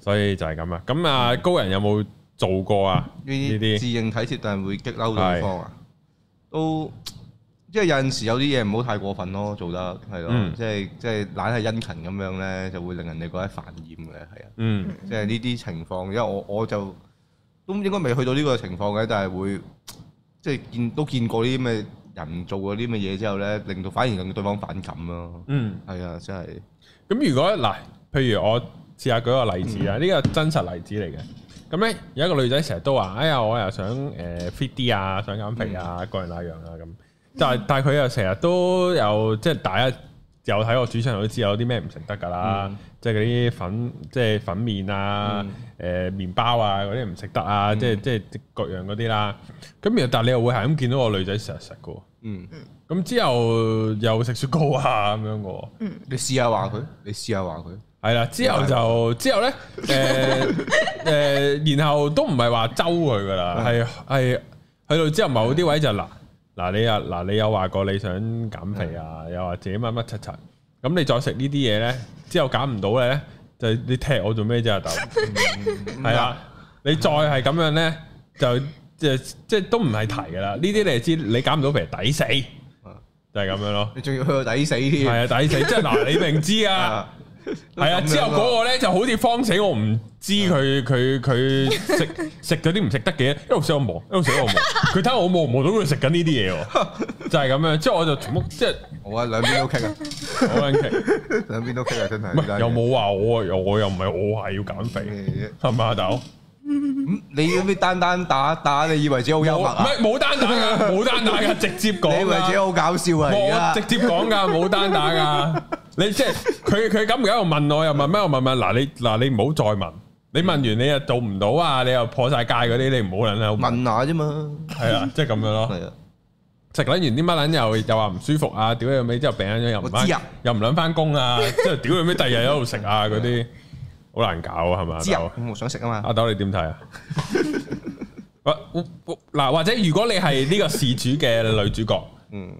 所以就係咁啊。咁啊，高人有冇做過啊？呢啲啲，自認體貼但係會激嬲對方啊？是都。即係有陣時有啲嘢唔好太過分咯，做得係咯、嗯，即係即係懶係殷勤咁樣咧，就會令人哋覺得煩厭嘅，係啊，嗯、即係呢啲情況。因為我我就都應該未去到呢個情況嘅，但係會即係見都見過啲咩人做過啲咩嘢之後咧，令到反而令到對方反感咯。嗯，係啊，真係、嗯。咁、嗯、如果嗱，譬如我試下舉個例子啊，呢個、嗯、真實例子嚟嘅。咁咧有一個女仔成日都話：哎呀，我又想誒 fit 啲啊，想減肥啊，各樣那樣啊咁。但但佢又成日都有即係大家有睇我煮餐，都知有啲咩唔食得噶啦，即係嗰啲粉，即係粉麵啊，誒，麵包啊嗰啲唔食得啊，即係即係各樣嗰啲啦。咁然，但你又會係咁見到個女仔成日食噶。嗯，咁之後又食雪糕啊，咁樣噶。你試下話佢，你試下話佢。係啦，之後就之後咧，誒誒，然後都唔係話周佢噶啦，係係去到之後某啲位就難。嗱你啊，嗱你有話過你想減肥啊，的又話自己乜乜柒柒。咁你再食呢啲嘢咧，之後減唔到咧，就你踢我做咩啫阿豆？係啊，你再係咁樣咧，就就即係都唔係提噶啦，呢啲你就知你減，你減唔到肥抵死，就係、是、咁樣咯。你仲要去到抵死添？係啊，抵死！ 即係嗱，你明知啊。 係啊，之後嗰個咧就好似慌死，我唔知佢佢佢食食嗰啲唔食得嘅，一路食我望，一路食我望，佢睇我望唔望到佢食緊呢啲嘢喎，就係、是、咁樣，之後我就全部即係、OK OK OK，我兩邊都 OK 啊，好 OK 兩邊都 OK 啊，真係，又冇話我，我又唔係我係要減肥，係咪、嗯嗯、大佬？嗯，你要單咩單打打？你以為自己好幽默啊？唔係冇單打噶，冇單打噶，直接講。以為自己好搞笑啊？我直接講噶，冇單打噶。 你即係佢佢咁而家又問我又問咩我問問嗱你嗱你唔好再問，你問完你又做唔到啊，你又破晒戒嗰啲，你唔好卵啊！問下啫嘛。係啊，即係咁樣咯。係啊的，食卵完啲乜卵又又話唔舒服啊？屌你尾之後病又唔翻，知又唔想翻工啊？即係屌你咩？第二日喺度食啊嗰啲。 好難搞啊，係嘛？我冇想食啊嘛。阿豆，阿豆你點睇啊？我嗱，或者如果你係呢個事主嘅女主角， 嗯。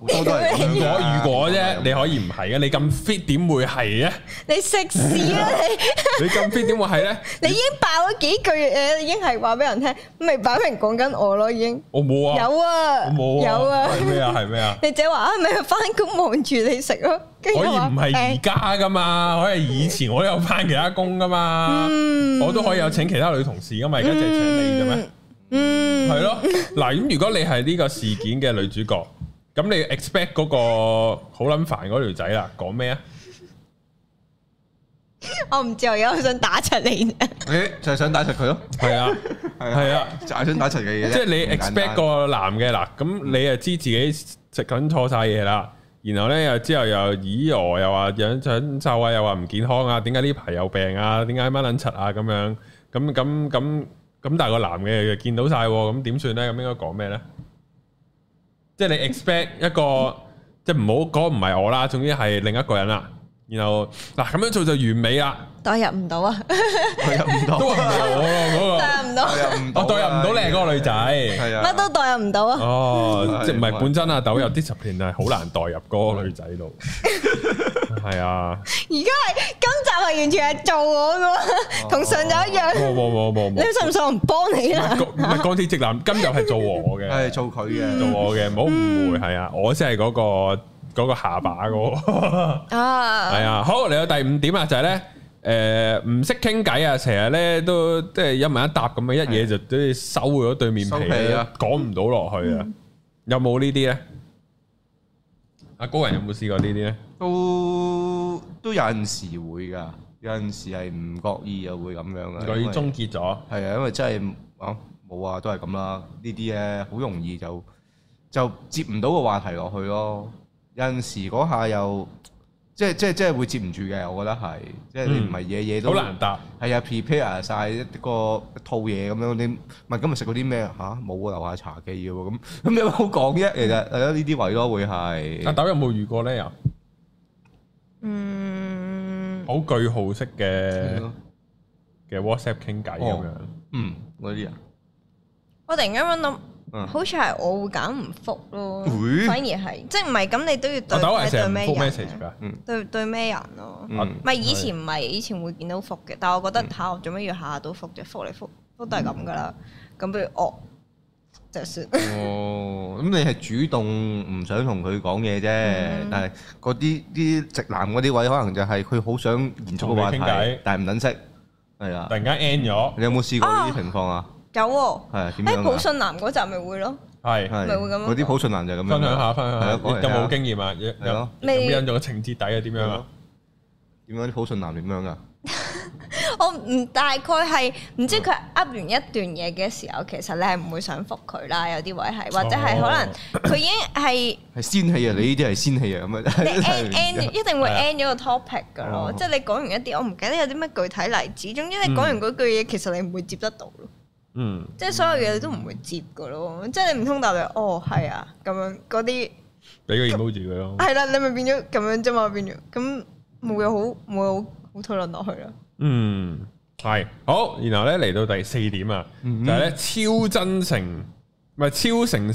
如果如果啫，你可以唔係啊？你咁 fit 點會係啊？你食屎啊！你！你咁 fit 點會係咧？你已經爆咗幾句嘢，已經係話俾人聽，咪擺明講緊我咯，已經。我冇啊，有啊，我冇啊，有啊？係咩啊？係咩啊？你只話啊，咪翻工望住你食咯？可以唔係而家噶嘛？可以以前我有翻其他工噶嘛？我都可以有請其他女同事噶嘛？而家就係請你噶嘛。嗯，係咯。嗱咁，如果你係呢個事件嘅女主角。咁你 expect 嗰個好捻煩嗰條仔啦，講咩啊？我唔知，我而家想打柒你。你就係想打柒佢咯？係啊，係啊，就係想打柒嘅嘢啫。即係你 expect 個男嘅啦，咁你又知自己食緊錯晒嘢啦，然後咧又之後又咦我又話樣長皺啊，又話唔健康啊，點解呢排有病啊？點解乜捻柒啊？咁樣咁咁咁咁，但係個男嘅又見到晒，咁點算咧？咁應該講咩咧？即係你 expect 一個，即係唔好講唔係我啦，總之係另一個人啦。然後嗱，咁樣做就完美啦。代入唔到啊，代入唔到都係唔到咯，嗰個代入唔到，代入唔到靚嗰個女仔，係啊，乜都代入唔到啊。哦，即係唔係本身啊，代入啲十片係好難代入嗰個女仔度。係啊，而家係今集係完全係做我噶嘛，同上集一樣。冇冇冇冇你信唔信我唔幫你啊？唔係鋼鐵直男，今集係做我嘅，係做佢嘅，做我嘅，唔好誤會。係啊，我先係嗰個個下巴噶。啊，係啊，好，嚟到第五點啊，就係咧，誒，唔識傾偈啊，成日咧都即係一問一答咁樣，一嘢就即係收咗對面皮啊，講唔到落去啊，有冇呢啲咧？阿高人有冇試過呢啲咧？都都有陣時會㗎，有陣時係唔覺意又會咁樣嘅。唔覺意終結咗，係啊，因為真係嚇冇啊，都係咁啦。呢啲咧好容易就就接唔到個話題落去咯。有陣時嗰下又～即係即係即係會接唔住嘅，我覺得係，即係你唔係嘢嘢都好、嗯、難答。係啊，prepare 晒一個一套嘢咁樣，你唔係今日食嗰啲咩啊？嚇，冇喎，留下茶記嘅喎，咁咁有咩好講啫？其實喺呢啲位咯，會係。阿豆有冇遇過咧又？嗯。好句號式嘅嘅、嗯、WhatsApp 傾偈咁樣，嗯嗰啲人。我突然間諗。嗯，好似係我會揀唔覆咯，反而係即係唔係咁，你都要對對咩人？對對咩人咯？唔係以前唔係，以前會見到覆嘅，但係我覺得睇做咩要下下都覆啫，覆嚟覆都係咁㗎喇。咁不如哦就算。哦，咁你係主動唔想同佢講嘢啫，但係嗰啲啲直男嗰啲位可能就係佢好想延續個話題，但係唔等識係啊。突然間 end 咗，你有冇試過呢啲情況啊？有喎，喺普信男嗰集咪會咯，係咪會咁？嗰啲普信男就咁樣，分享下，分享下，有冇經驗啊？有咯，你印象嘅情節底啊？點樣咯？點樣啲普信男點樣噶？我唔大概係唔知佢噏完一段嘢嘅時候，其實你係唔會想覆佢啦。有啲位係，或者係可能佢已經係係仙氣啊！你呢啲係仙氣啊！咁樣，你 end end 一定會 end 咗個 topic 噶咯，即係你講完一啲，我唔記得有啲乜具體例子。總之你講完嗰句嘢，其實你唔會接得到咯。嗯，即係所有嘢你都唔會接噶咯，嗯、即係你唔通答你哦係啊咁樣嗰啲，俾個 emoji 佢咯。係啦，你咪變咗咁樣啫嘛，變咗咁冇有好冇有好好討論落去啦。嗯係好，然後咧嚟到第四點啊，就係、是、咧超真誠，唔係超誠實，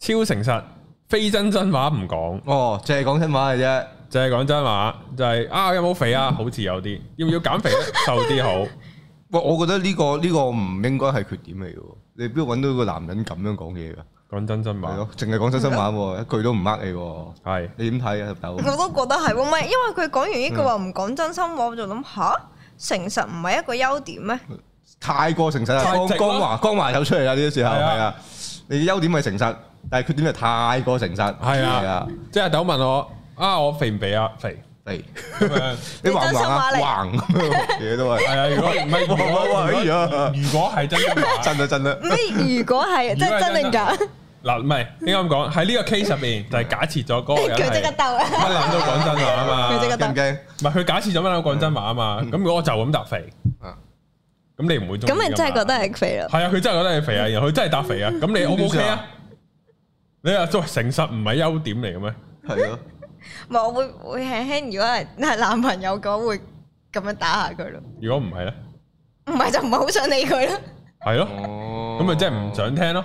超誠實，非真真話唔講。哦，淨係講真話嘅啫，淨係講真話，就係、是、啊有冇肥啊？好似有啲，要唔要減肥咧？瘦啲好。喂，我覺得呢個呢個唔應該係缺點嚟嘅，你邊度揾到個男人咁樣講嘢㗎？講真心話咯，淨係講真心話，心話麼一句都唔呃你。係是，你點睇啊？豆，我都覺得係，唔係因為佢講完呢句話唔講真心話，我就諗吓，誠實唔係一個優點咩？太過誠實，光光，光華光華走出嚟啦！呢個時候係啊，啊你優點係誠實，但係缺點係太過誠實。係啊，啊即係豆問我啊，我肥唔肥啊？肥。你橫唔橫啊？橫嘅嘢都係係啊。如果唔係唔好啊。如果如果係真嘅，真就真啦。如果係真係真定假？嗱，唔係應該咁講？喺呢個 case 入面就係假設咗嗰個佢只嘅豆。我諗都講真話啊嘛，佢只嘅豆唔驚。唔係佢假設咗咩講真話啊嘛？咁如果我就咁搭肥咁你唔會咁你真係覺得係肥咯？係啊，佢真係覺得係肥啊，然後佢真係搭肥啊。咁你 O 唔 O K 啊？你啊作為誠實唔係優點嚟嘅咩？係咯。我會會輕輕，如果係男朋友嘅話，會咁樣打下佢咯。如果唔係咧，唔係就唔係好想理佢咯。係咯，咁咪即係唔想聽咯。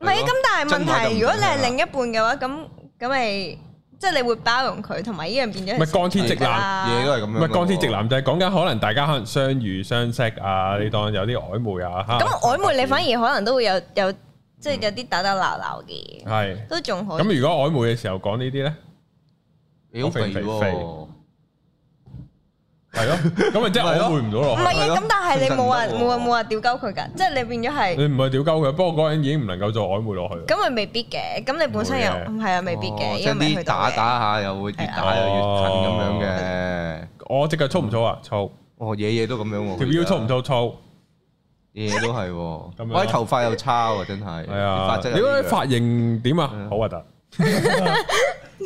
唔係咁，但係問題，如果你係另一半嘅話，咁咁咪即係你會包容佢，同埋依樣變咗。唔係鋼鐵直男嘢,都係咁樣，唔係鋼鐵直男就係講緊可能大家可能相遇相識啊，你當有啲曖昧啊吓。咁曖昧你反而可能都會有有即係有啲打打鬧鬧嘅，係都仲好。咁如果曖昧嘅時候講呢啲咧？吊肥喎，係咯，咁咪即係曖昧唔到咯。唔係啊，咁但係你冇話冇話冇話屌鳩佢噶，即係你變咗係。你唔係屌鳩佢，不過嗰陣已經唔能夠再曖昧落去。咁咪未必嘅，咁你本身又唔係啊，未必嘅。啲打打下又會越打越近咁樣嘅。我隻腳粗唔粗啊？粗。我，嘢嘢都咁樣喎。條腰粗唔粗？粗。嘢都係喎。我啲頭髮又差喎，真係。係啊。你嗰啲髮型點啊？好核突。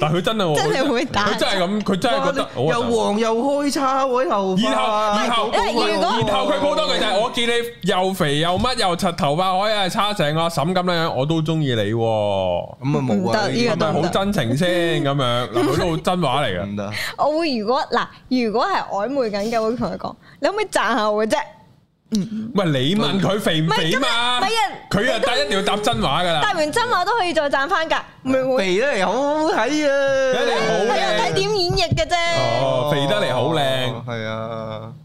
但佢真係會打，佢真係咁，佢真係覺得又黃又開叉位頭，然後然後然後佢好果多，佢就係我見你又肥又乜又柒頭髮海啊，叉成個嬸咁樣，我都中意你，咁啊冇啊，係咪好真情先咁行、嗯、樣嗱，佢都真話嚟噶，得。我會，如果嗱，如果係曖昧緊嘅，我會同佢講，你可唔可以讚下我啫？喂，你問佢肥唔肥嘛？佢又答一定要答真話噶啦，答完真話都可以再讚返噶。肥得嚟好好睇啊，睇點演繹嘅啫。哦，肥得嚟好靚，係啊、哦。哦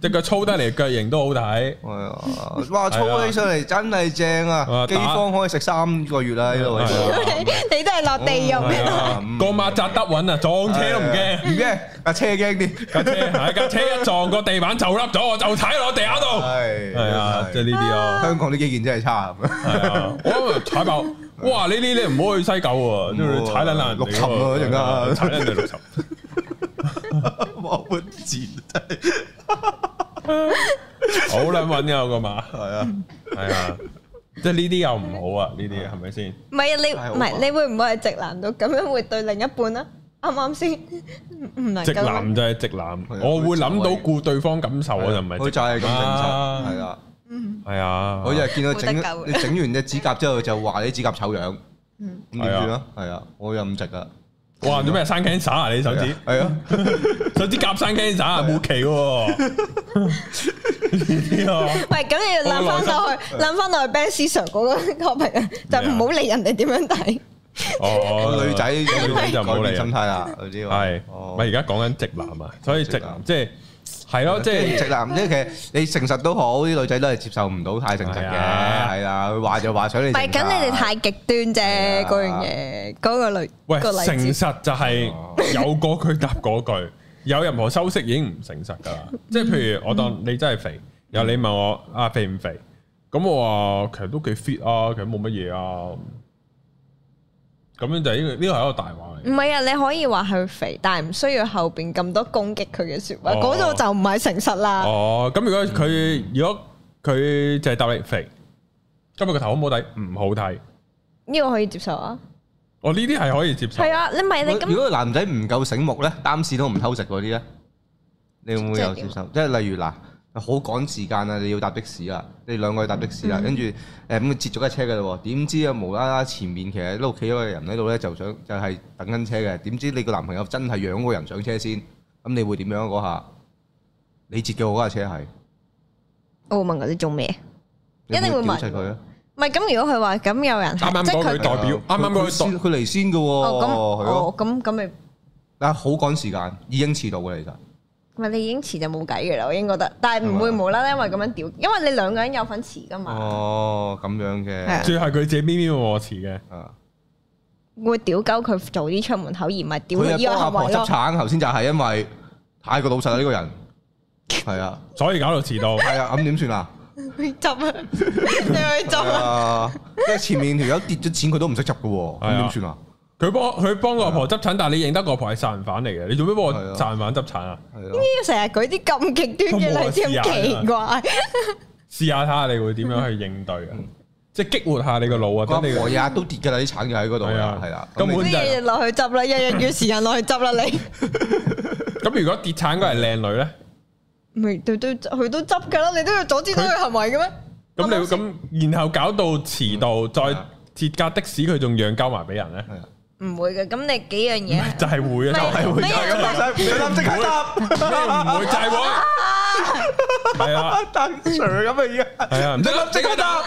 隻腳粗得嚟，腳型都好睇。係啊，哇，粗起上嚟真係正啊！饑荒可以食三個月啦呢度。你都係落地又唔驚。個馬紮得穩啊，撞車都唔驚。唔驚架車驚啲架車，架車一撞個地板就笠咗，我就踩落地下度。係啊，即係呢啲啊，香港啲基建真係差。啊。我踩狗？哇！呢啲你唔好去西九啊，踩爛爛六層啊！一陣間。冇本錢，好難揾噶嘛，係啊，係啊，即係呢啲又唔好啊，呢啲係咪先？唔係啊，你唔係你會唔會係直男到咁樣會對另一半咧？啱啱先唔係直男就係直男，我會諗到顧對方感受，我就唔係，佢就係咁啦，係啦，嗯，係啊，我日見到整你整完隻指甲之後就話你指甲醜樣，嗯，咁點算啊？係啊，我又唔直噶。哇！做咩生鏟啊，你手指？係啊，手指夾生鏟曬，冇奇喎！喂，咁你要諗翻落去，諗翻落去 Ben Sir 嗰個個評啊，就唔好理人哋點樣睇。哦，女仔就唔好理。心態啦，係咪？而家講緊直男啊，所以直男，即係。係咯，即係直男。即係其實你誠實都好，啲女仔都係接受唔到太誠實嘅，係啦、啊。佢話就話想你。唔係咁，你哋太極端啫，嗰樣嘢，嗰、嗰個女。喂，誠實就係有嗰句答嗰句， 有任何修飾已經唔誠實噶啦。即係譬如，我當你真係肥，然後、嗯、你問我啊肥唔肥，咁我話其實都幾 fit 啊，其實冇乜嘢啊。咁樣就係呢個，呢個係一個大話嚟。唔係啊，你可以話佢肥，但係唔需要後邊咁多攻擊佢嘅説話，嗰度就唔係誠實啦。哦，咁如果佢如果佢就係答你肥，今日個頭好唔好睇？唔好睇，呢個可以接受啊。哦呢啲係可以接受。係啊，你唔係你咁。如果男仔唔夠醒目咧，擔屎都唔偷食嗰啲咧，你會唔會有接受？即係例如嗱。好趕時間啊！你要搭的士啦，你兩個要搭的士啦，跟住誒咁截咗架車嘅嘞喎，點知啊無啦啦前面其實喺度企咗個人喺度咧，就想就係等緊車嘅，點知你個男朋友真係讓嗰個人上車先，咁你會點樣嗰下？你截嘅我架車係，我會問佢哋做咩，一定會問佢啊。唔係咁，如果佢話咁有人啱啱佢代表，啱啱佢先，佢嚟先嘅喎。哦，咁咁咁咪嗱，好趕時間，已經遲到啦，其實。你已經遲就冇計嘅啦，我應該覺得，但係唔會無啦啦因為咁樣屌，吧因為你兩個人有份遲嘅嘛。哦，咁樣嘅，啊、最係佢自己咪咪喎遲嘅，啊，會屌鳩佢早啲出門口而唔係屌佢。佢係光下博橙、那個，頭先就係因為太過老實啦呢、這個人，係啊，所以搞到遲到，係啊，咁點算啊？執 啊，你去執啊！即係、啊、前面條友跌咗錢，佢都唔識執嘅喎，咁點算啊？ 佢幫佢幫個阿婆執產，但係你認得個阿婆係殺人犯嚟嘅，你做咩幫我殺人犯執產啊？咁要成日舉啲咁極端嘅例子，好奇怪，試下睇下你會點樣去應對啊？即係激活下你個腦啊！啲磨牙都跌嘅啦，啲產就喺嗰度啊，係啦，日日就落去執啦，日日越時間落去執啦，你咁如果跌產嗰係靚女咧，咪都都佢都執嘅啦，你都要阻止到佢行為嘅咩？咁你咁然後搞到遲到，再截架的士，佢仲讓交埋俾人咧？唔會嘅，咁你幾樣嘢？就係會啊，就係會啊，唔使唔使唔使，即刻答，一定唔會，就係我。係啊，正常咁啊，依家係啊，唔使諗，即刻答。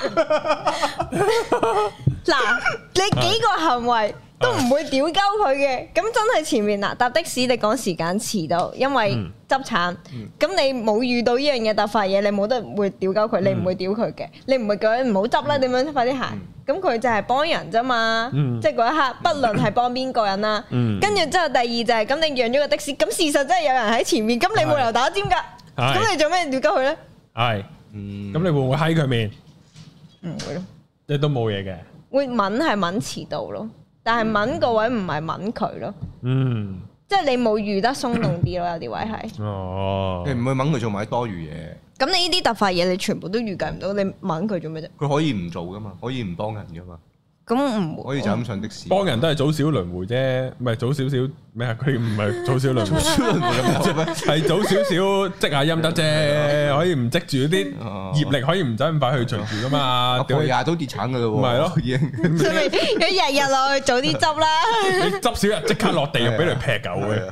嗱，你幾個行為？都唔會屌鳩佢嘅，咁真係前面嗱搭的士，你講時間遲到，因為執產，咁你冇遇到依樣嘢突發嘢，你冇得會屌鳩佢，你唔會屌佢嘅，你唔會叫唔好執啦，點樣快啲行？咁佢就係幫人啫嘛，即係嗰一刻不論係幫邊個人啦，跟住之後第二就係咁，你讓咗個的士，咁事實真係有人喺前面，咁你冇理由打尖噶，咁你做咩屌鳩佢咧？係，咁你會唔會喺佢面？唔會咯，你都冇嘢嘅，會撚係撚遲到咯。但係掹個位唔係掹佢咯，嗯，即係你冇預得鬆動啲咯， 有啲位係，哦、啊，你唔會掹佢做埋多餘嘢。咁你呢啲突發嘢，你全部都預計唔到，你掹佢做咩啫？佢可以唔做㗎嘛，可以唔幫人㗎嘛，咁唔可以就咁上的士，幫人都係早少輪迴啫，唔係早少少。咩啊？佢唔係早少少，係早少少積下音得啫，可以唔積住啲業力，可以唔使咁快去存住噶嘛？點解阿豆地產嘅咯？唔係咯，已經即係一日日落去早啲執啦。你執少日即刻落地又俾你劈狗嘅，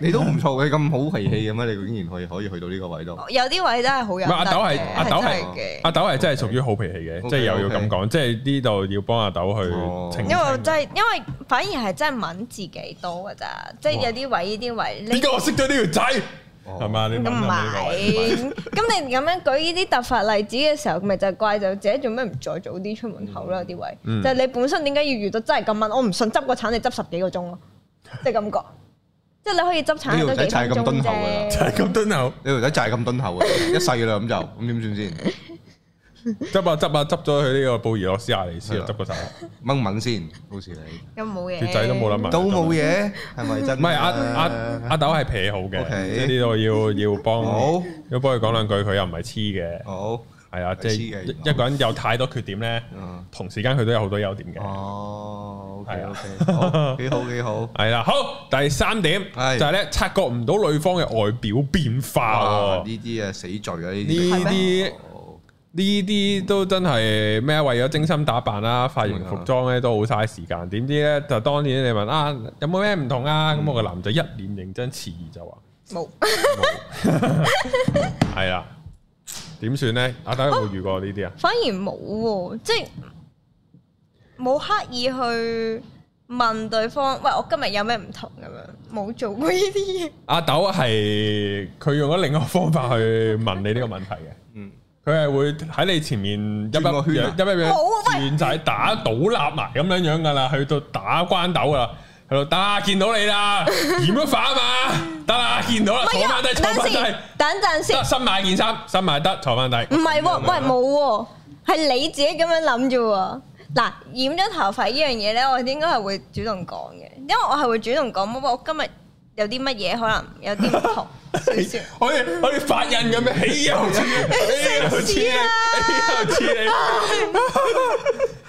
你都唔錯，佢咁好脾氣嘅咩？你竟然可以可以去到呢個位度？有啲位真係好有唔係阿豆係阿豆係阿豆係真係屬於好脾氣嘅，即係又要咁講，即係呢度要幫阿豆去因為真係因為反而係真係問自己多。好噶咋，即係有啲位，呢啲位。點解我識咗呢條仔？係嘛？唔係，咁你咁樣舉呢啲突發例子嘅時候，咪就係怪就，自己做咩唔再早啲出門口咯？有啲位，就係你本身點解要遇到真係咁問？我唔信執個鏟你執十幾個鐘咯，即係感覺，即係你可以執鏟都幾。條仔就係咁敦厚噶啦，就係咁敦厚。你條仔就係咁敦厚，一世噶啦咁就，咁點算先？執啊執啊執咗佢呢個布宜諾斯亞尼斯執個手掹問先，到時你又冇嘢，仔都冇諗問，都冇嘢係咪真？唔係阿阿阿豆係撇好嘅，呢度要要幫，要幫佢講兩句，佢又唔係黐嘅。好係啊，即係一個人有太多缺點咧，同時間佢都有好多優點嘅。哦，OK OK，幾好幾好。係啦，好第三點就係咧，察覺唔到女方嘅外表變化。呢啲啊死罪啊呢啲。呢啲都真係咩？為咗精心打扮啊，髮型、服裝咧都好嘥時間。點知咧就當然你問啊，有冇咩唔同啊？咁、嗯、我個男仔一臉認真遲疑就話冇，係啦沒。點算咧？阿豆有冇遇過呢啲啊？反而冇、啊，即係冇刻意去問對方。喂，我今日有咩唔同咁樣？冇做過呢啲嘢。阿豆係佢用咗另外一個方法去問你呢個問題嘅。嗯。佢係會喺你前面一個圈，一個圈轉晒打倒立埋咁樣樣噶啦，去到打關斗噶啦，去到得、啊、見到你啦，染咗髮啊嘛，得啦見到啦，坐返低！坐返低，等陣先，新買件衫，新買得，坐返低，唔係喎，喂冇喎，係你自己咁樣諗啫喎，嗱染咗頭髮呢樣嘢咧，我應該係會主動講嘅，因為我係會主動講，不過我今日。有啲乜嘢可能有啲唔同，可以好似髮人咁樣，起又黐你，起你，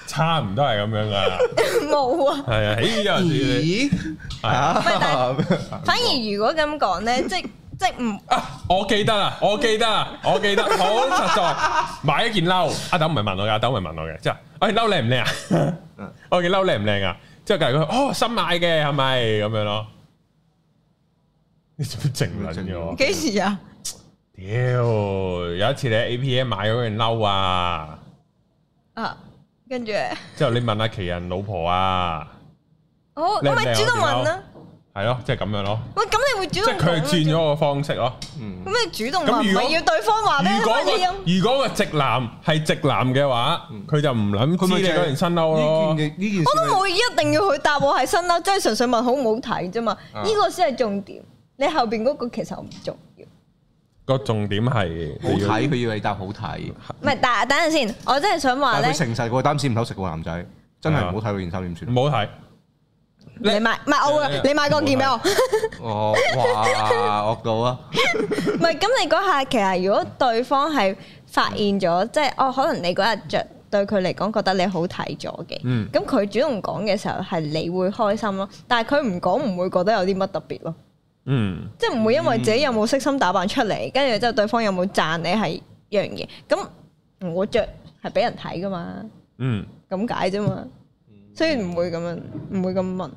差唔多係咁樣噶。冇沒啊，啊，係啊，起又黐你。反而如果咁講咧，即即唔，我記得啊，我記得啊，我記得好實在買一件褸，阿豆唔係問我嘅，阿豆唔係問我嘅，即係我件褸靚唔靚啊？我件褸靚唔靚啊？之後隔日佢哦新買嘅係咪咁樣咯？你做咩直男咗？幾時啊？屌，有一次你喺 APM 買咗件褸啊！啊，跟住之後你問下奇人老婆啊？哦，我咪主動問啦，係咯，即係咁樣咯。喂，咁你會主動？即係佢轉咗個方式咯。咁你主動問唔係要對方話咩？如果如果個直男係直男嘅話，佢就唔諗。佢咪着咗件新褸咯？我都冇一定要佢答我係新褸，即係純粹問好唔好睇啫嘛。呢個先係重點。你後邊嗰個其實唔重要，個重點係好睇，佢要你搭好睇。唔係，等等陣先，我真係想話你，誠實個單士唔好食個男仔，真係唔好睇嗰件衫點算？唔好睇，你買買我，你買嗰件俾我。哦，哇，惡到啊！唔係，咁你嗰下其實如果對方係發現咗，即係哦，可能你嗰日着對佢嚟講覺得你好睇咗嘅，嗯，咁佢主動講嘅時候係你會開心咯，但係佢唔講唔會覺得有啲乜特別咯。嗯，即係唔會因為自己有冇悉心打扮出嚟，跟住之後對方有冇讚你係一樣嘢。咁我着係俾人睇噶嘛，嗯，咁解啫嘛。雖然唔會咁樣，唔、嗯、會咁問。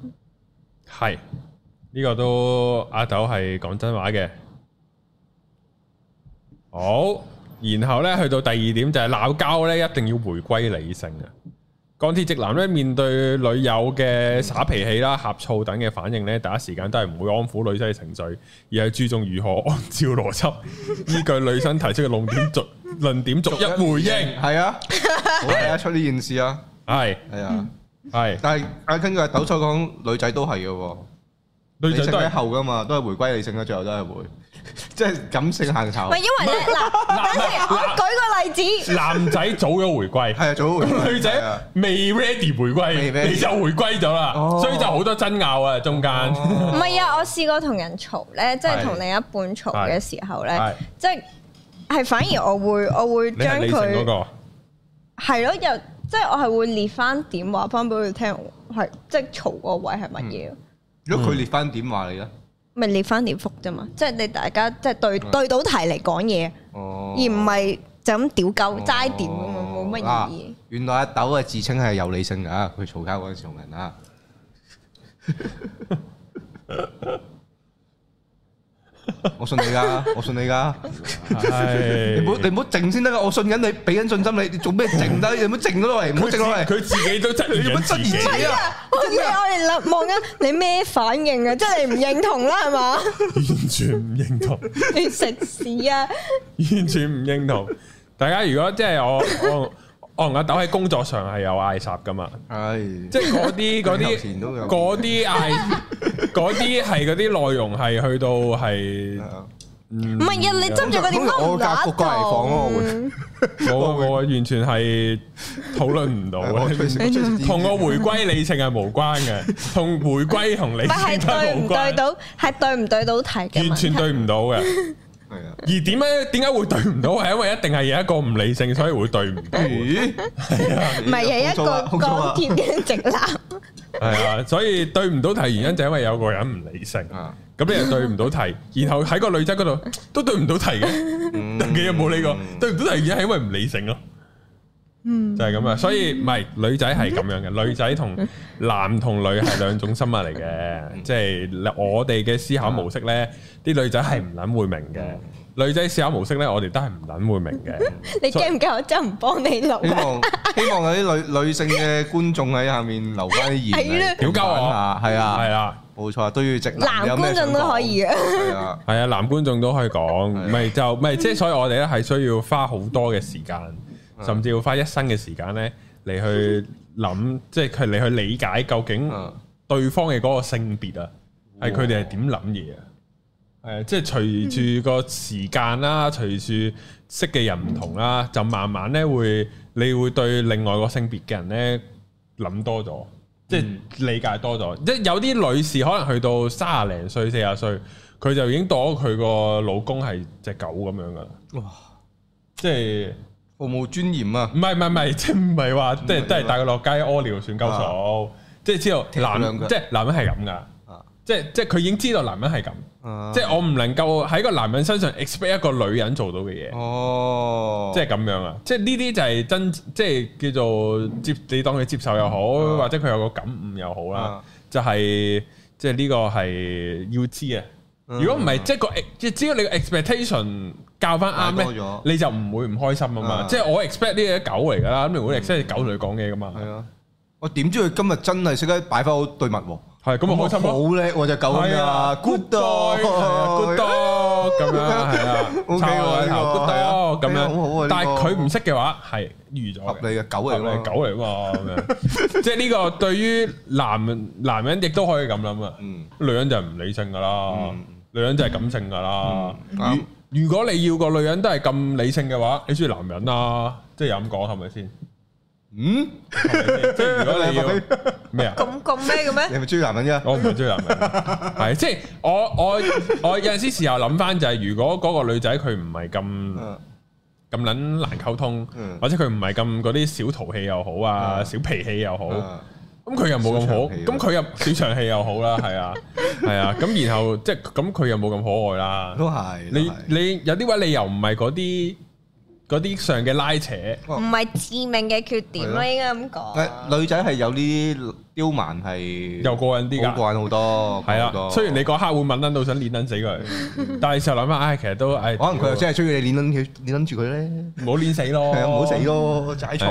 係呢個都阿豆係講真話嘅。好，然後咧去到第二點就係鬧交咧，一定要回歸理性啊。鋼鐵直男咧面對女友嘅耍脾氣啦、呷醋等嘅反應咧，第一時間都係唔會安撫女生嘅情緒，而係注重如何按照邏輯，依據女生提出嘅論點逐論點逐一回應。係啊，係 啊，出呢件事啊，係係啊，係。但係根據抖彩講女仔都係嘅喎，女仔都係後㗎嘛，都係回歸理性嘅，最後都係會，即係感性行頭。喂，因為嗱，男仔早咗回歸，係啊早，女仔未 ready 回歸，你未 ready 就回歸咗啦，哦、所以就好多爭拗啊！中間唔係啊，我試過同人嘈咧，即係同另一半嘈嘅時候咧，即係係反而我會我會將佢係咯，又即係我係會列翻點話翻俾佢聽，係即係嘈嗰個位係乜嘢？嗯、如果佢列翻點、嗯、話你咧，咪列翻點復啫嘛？即係你大家即係、就是、對對，對到題嚟講嘢，而唔係。就咁屌鳩齋點啊！冇乜意義。原來阿豆啊，自稱係有理性㗎，佢嘈交嗰陣時同人啊。 我信你噶，我信你噶、哎，你唔好你唔好靜先得噶，我信緊你，俾緊信心你，你做咩靜得？你唔好靜咗落嚟，唔好靜落嚟。佢自己都真係，你唔好質疑自己啊！啊啊我我哋望緊你咩反應啊？即係你唔認同啦，係嘛？完全唔認同，你食屎啊！完全唔認同。 大家如果即係我我。 我我同阿豆喺工作上係有嗌霎㗎嘛，即係嗰啲嗰啲嗰啲嗌嗰啲係嗰啲內容係去到係唔係啊？你執住個點講？我教復國嚟訪我，我我完全係討論唔到嘅，同個回歸理性係無關嘅，同回歸同理性。但係對唔對到係對唔對到題嘅，完全對唔到嘅。而點解？點解會對唔到？係因為一定係有一個唔理性，所以會對唔到。係咦啊，唔係有一個鋼鐵嘅直男。係、嗯嗯、 啊，所以對唔到題原因就因為有個人唔理性啊。咁你又對唔到題，然後喺個女仔嗰度都對唔到題嘅，但佢又冇呢個對唔到題，原因，係因為唔理性咯。嗯，就係咁啊，所以唔係女仔係咁樣嘅，女仔同男同女係兩種生物嚟嘅，即係我哋嘅思考模式咧，啲女仔係唔撚會明嘅，女仔思考模式咧，我哋都係唔撚會明嘅。你驚唔驚我真唔幫你諗？希望希望嗰啲女女性嘅觀眾喺下面留翻啲言，屌鳩我，係啊係啊，冇錯，都要直男觀眾都可以啊，係啊係啊，男觀眾都可以講，唔係就唔係即係，所以我哋咧係需要花好多嘅時間。甚至要花一生嘅時間咧，嚟去諗，即係佢嚟去理解究竟對方嘅嗰個性別啊，係佢哋係點諗嘢啊？係啊，即係隨住個時間啦，隨住、嗯、識嘅人唔同啦，就慢慢咧會，你會對另外個性別嘅人咧諗多咗，即係理解多咗。即係、嗯、有啲女士可能去到三啊零歲、四啊歲，佢就已經當佢個老公係隻狗咁樣噶啦。哇！即係。好冇尊嚴啊！唔係唔係唔係，即係唔係話，嗯、即係都係帶佢落街屙尿算夠數，啊、即係知道男即係男人係咁噶，啊、即係即係佢已經知道男人係咁，啊、即係我唔能夠喺個男人身上 expect 一個女人做到嘅嘢，哦、啊，即係咁樣啊！即係呢啲就係真，即係叫做接你當佢接受又好，或者佢有個感悟又好啦，就係即係呢個係要知啊！就是如果唔係，即係個，即係只要你嘅 expectation 教翻啱咩，你就唔會唔開心啊嘛。即係我 expect 呢嘢狗嚟噶啦，咁如果識得狗同你講嘢噶嘛。係啊，我點知佢今日真係識得擺翻好對物喎，係咁開心冇咧？我隻狗啊，good dog，good dog 咁樣係啊，ok 喎，好啊，咁樣，但係佢唔識嘅話係預咗合理嘅狗嚟，狗嚟噶嘛。即係呢個對於男男人亦都可以咁諗啊。女人就唔理性噶啦。女人就係感性噶啦，如果你要個女人都係咁理性嘅話，你中意男人啊？即係又咁講係咪先？嗯，即係如果你要咩啊？咁咁咩嘅咩？你咪中意男人啫，我唔中意男人。係即係我我我有陣時時候諗翻就係，如果嗰個女仔佢唔係咁咁撚難溝通，或者佢唔係咁嗰啲小淘氣又好啊，小脾氣又好。咁佢又冇咁好，咁佢又小場戲又好啦，係啊，係啊，咁然後即係咁佢又冇咁可愛啦，都係是，你是你有啲位你又唔係嗰啲。嗰啲上嘅拉扯，唔係致命嘅缺點咯，應該咁講。女仔係有啲刁蠻，係又過癮啲㗎，過癮好多。係啊，雖然你嗰刻會憤憤到想捏撚死佢，但係時候諗翻，唉，其實都誒，可能佢又真係需要你捏撚佢，捏撚住佢咧，唔好捏死咯，唔好死咯，齋捉，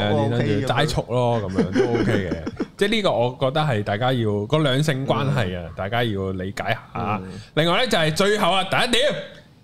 齋捉咯，咁樣都 OK 嘅。即係呢個，我覺得係大家要個兩性關係啊，大家要理解下。另外咧就係最後啊，第一點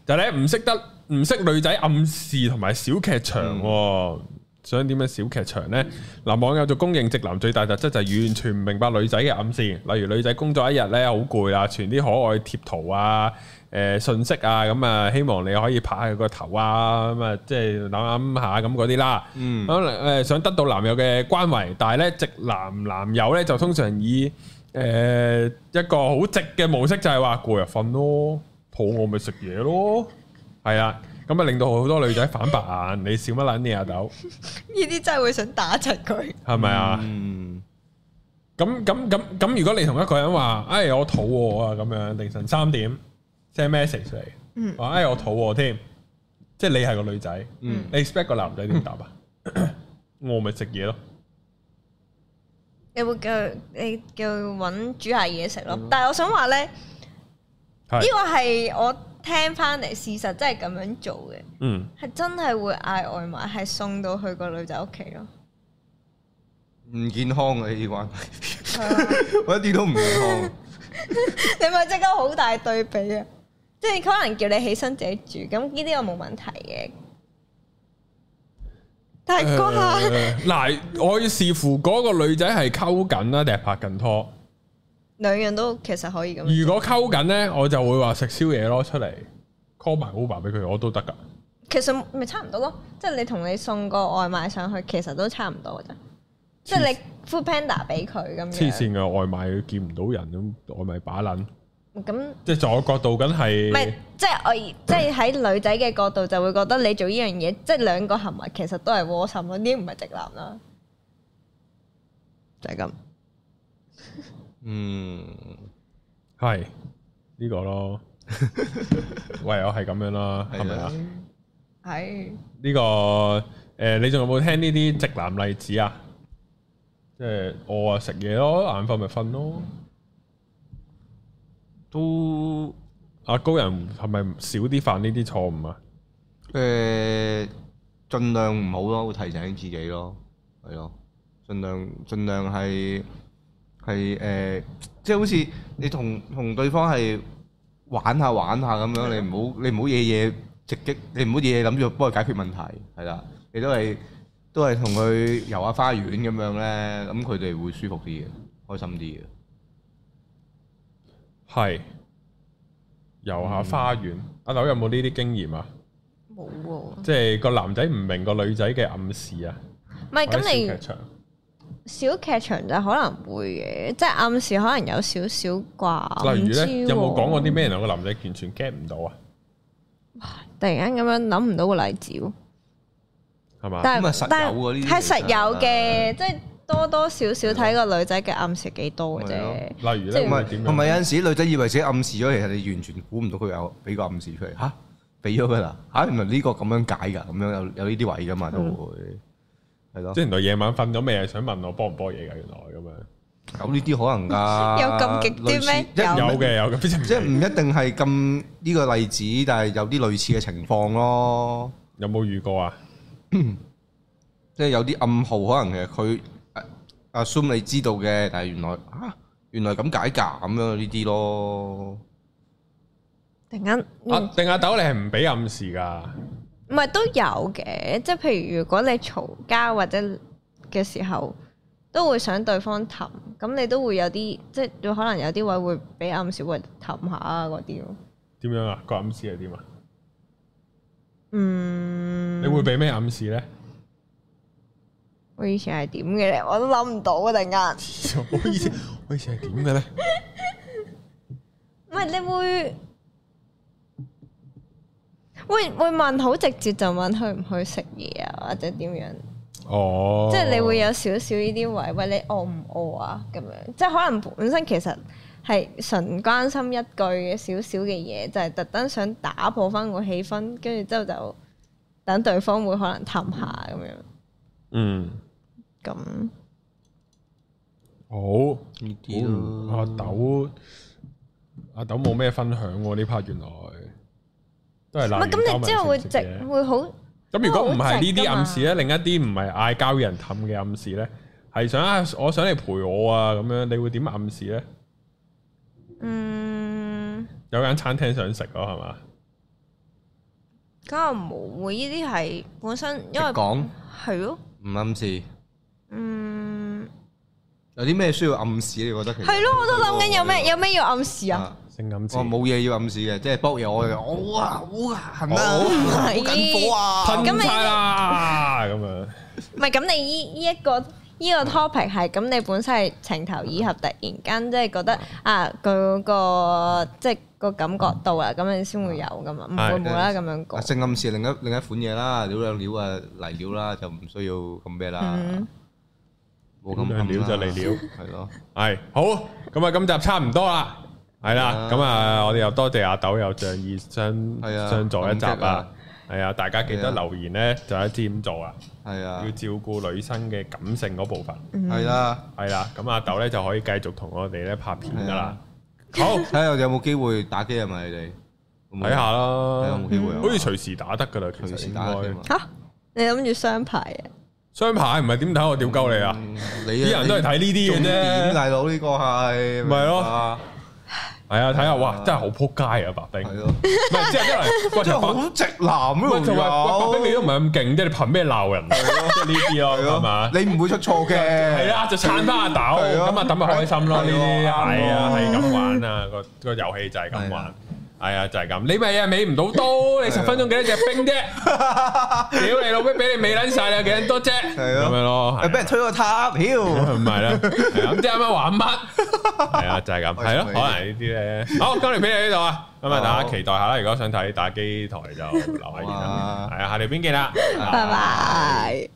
就係唔識得。唔識女仔暗示同埋小劇場。哦，嗯、想點樣小劇場呢？男網友做公認直男最大特質就係完全唔明白女仔嘅暗示，例如女仔工作一日呢，好攰啦，傳啲可愛貼圖啊、誒、呃、信息啊，咁、嗯、啊希望你可以拍下佢個頭啊，咁啊即係諗諗下咁嗰啲啦。嗯，可能誒想得到男友嘅關懷，但係呢，直男男友呢，就通常以誒、呃、一個好直嘅模式就，就係話過日瞓咯，肚餓咪食嘢咯。係啦，咁啊令到好多女仔反白眼，你笑乜卵嘢啊豆？呢啲真係會想打柒佢，係咪啊？嗯，咁咁咁咁，如果你同一個人話，哎我肚餓啊，咁樣凌晨三點 send message 嚟，嗯，話哎我肚餓添，即係你係個女仔，嗯，你 expect 個男仔點答啊？我咪食嘢咯，你會叫你叫搵煮下嘢食咯？但係我想話咧，呢個係我。聽翻嚟，事實真係咁樣做嘅，係、嗯、真係會嗌外賣，係送到去個女仔屋企咯。唔健康嘅呢啲話， 我一啲都唔健康。 你咪即刻好大對比啊！即係可能叫你起身自己住，咁呢啲我冇問題嘅。但係下、呃，嗱， 我要視乎嗰個女仔係溝緊啦，定係拍緊拖。兩樣都其實可以咁。如果溝緊咧，我就會話食宵夜咯，出嚟 call 埋 Uber 俾佢，我都得噶。其實咪差唔多咯，即係你同你送個外賣上去，其實都差唔多噶咋，即係你 Foodpanda 俾佢咁。黐線嘅外賣見唔到人咁，外賣把捻。咁那即係在我角度，梗係。唔係，即係我 即係喺女仔嘅角度，就會覺得你做呢樣嘢，即係兩個行為其實都係窩心咯，已經唔係直男啦。就係、是、咁。嗯，係呢、這個咯，唯有係咁樣啦，係咪 啊？係呢的、這個誒、呃，你仲有冇聽呢啲直男例子啊？即、就、係、是、我啊食嘢咯，眼瞓咪瞓咯，都阿、啊、高人係咪少啲犯呢啲錯誤啊？誒、呃，盡量唔好咯，會提醒自己咯，係咯，盡量盡量係。係誒，即係好似你同同對方係玩下玩下咁樣，你唔好你唔好夜夜直擊，你唔好夜夜諗住幫佢解決問題，係啦，你都係都係同佢遊下花園咁樣咧，咁佢哋會舒服啲嘅，開心啲嘅，係遊下花園。阿豆有冇呢啲經驗啊？冇喎。即係個男仔唔明個女仔嘅暗示啊？唔係，咁你？小劇場就可能會嘅，即係暗示可能有少少啩。例如咧，有冇講過啲咩啊？兩個男仔完全 get 唔到啊！突然間咁樣諗唔到個例子喎，係嘛？但係實有啲？係實有嘅，即係多多少少睇個女仔嘅暗示幾多嘅啫。例如咧，唔係點？唔係有陣時女仔以為自己暗示咗，其實你完全估唔到佢有俾個暗示出嚟。吓，俾咗佢啦！吓，原來呢個咁樣解噶，咁樣有有呢啲位噶嘛，都會。係咯，即係原來夜晚瞓咗未，係想問我幫唔幫嘢噶原來咁樣，咁呢啲可能噶有咁極端咩？有嘅有嘅，即係唔一定係咁呢個例子，但係有啲類似嘅情況咯。有冇遇過啊？即係有啲暗號，可能其實佢阿阿 sum 你知道嘅，但係原來啊原來咁解噶咁樣呢啲咯。突然間，阿定阿豆你係唔俾暗示噶？唔係都有嘅，即係譬如如果你嘈交或者嘅時候，都會想對方氹，咁你都會有啲，即係可能有啲位會俾暗示會氹下啊嗰啲咯。點樣啊？個暗示係點啊？嗯。你會俾咩暗示咧？我以前係點嘅咧？我都諗唔到啊！突然間，我以前我以前係點嘅咧？唔係你會。會會問，好直接就問去唔去食嘢，啊或者點樣哦，oh. 即係你會有少少呢啲位，喂，你餓唔餓啊咁樣，即係可能本身其實係純關心一句嘅少少嘅嘢，就係特登想打破翻個氣氛，跟住之後就等對方會可能談下咁樣。嗯、mm. 樣，咁好呢啲阿豆阿豆冇咩分享喎呢 part 原來。係咁，你之後會直會好。咁如果唔係呢啲暗示咧，另一啲唔係嗌交人氹嘅暗示咧，係想我想嚟陪我啊咁樣，你會點暗示咧？嗯，有間餐廳想食港咯，係嘛？梗係唔會，呢啲係本身因為講係咯，唔暗示。嗯，有啲咩需要暗示？你覺得其實？係咯，我都諗緊有咩咯有咩要暗示啊？我冇嘢要暗示嘅，即係搏嘢我，哇，好啊，好啊，好緊火啊，噴晒啦，咁樣。唔係，咁你依依一個依個 topic 係，咁你本身係情投意合，突然間即係覺得啊，佢個即係個感覺到啦，咁樣先會有咁啊，唔會冇啦咁樣講。性暗示係另一另一款嘢啦，撩兩撩啊，嚟料啦，就唔需要咁咩啦。嗯，冇咁料就嚟料，係咯，係好，咁啊，今集差唔多啦。係啦，咁啊，我哋又多謝阿豆又仗義相相助一集啦，係啊，大家記得留言咧，就一知點做啊，係啊，要照顧女生嘅感性嗰部分，係啦，係啦，咁阿豆咧就可以繼續同我哋咧拍片噶啦。好，睇下有冇機會打機係咪你哋？睇下啦，有冇機會，好似隨時打得噶啦，隨時打嘛。你諗住雙排啊？雙排唔係點睇我屌鳩你啊？啲人都係睇呢啲嘅啫，大佬呢個係，咪咯？係啊，睇下哇，真係好仆街啊，白兵，係咯，即係一嚟，真係好直男咯。同埋白兵佢都唔係咁勁啫，你憑咩鬧人即啊？呢啲咯，係嘛？你唔會出錯嘅。係啦，就撐翻阿豆。係咯。咁啊，等佢開心咯，呢啲係啊，係咁玩啊，個個遊戲就係咁玩。係 啊，就係、是、咁，你咪啊，尾唔到刀，你十分鐘幾， 幾多隻兵啫？屌你老味，俾你尾撚晒啦，你有幾多隻？係咯，咁 樣咯，俾人推個塔，屌對，唔係啦，係咁即係啱啱玩乜？係啊，就係咁，係咯，可能呢啲咧。好，今日俾你呢度啊，咁啊，大家期待下啦。如果想睇打機台就留喺度啦。係啊 哇，下條片見啦，拜拜。Bye bye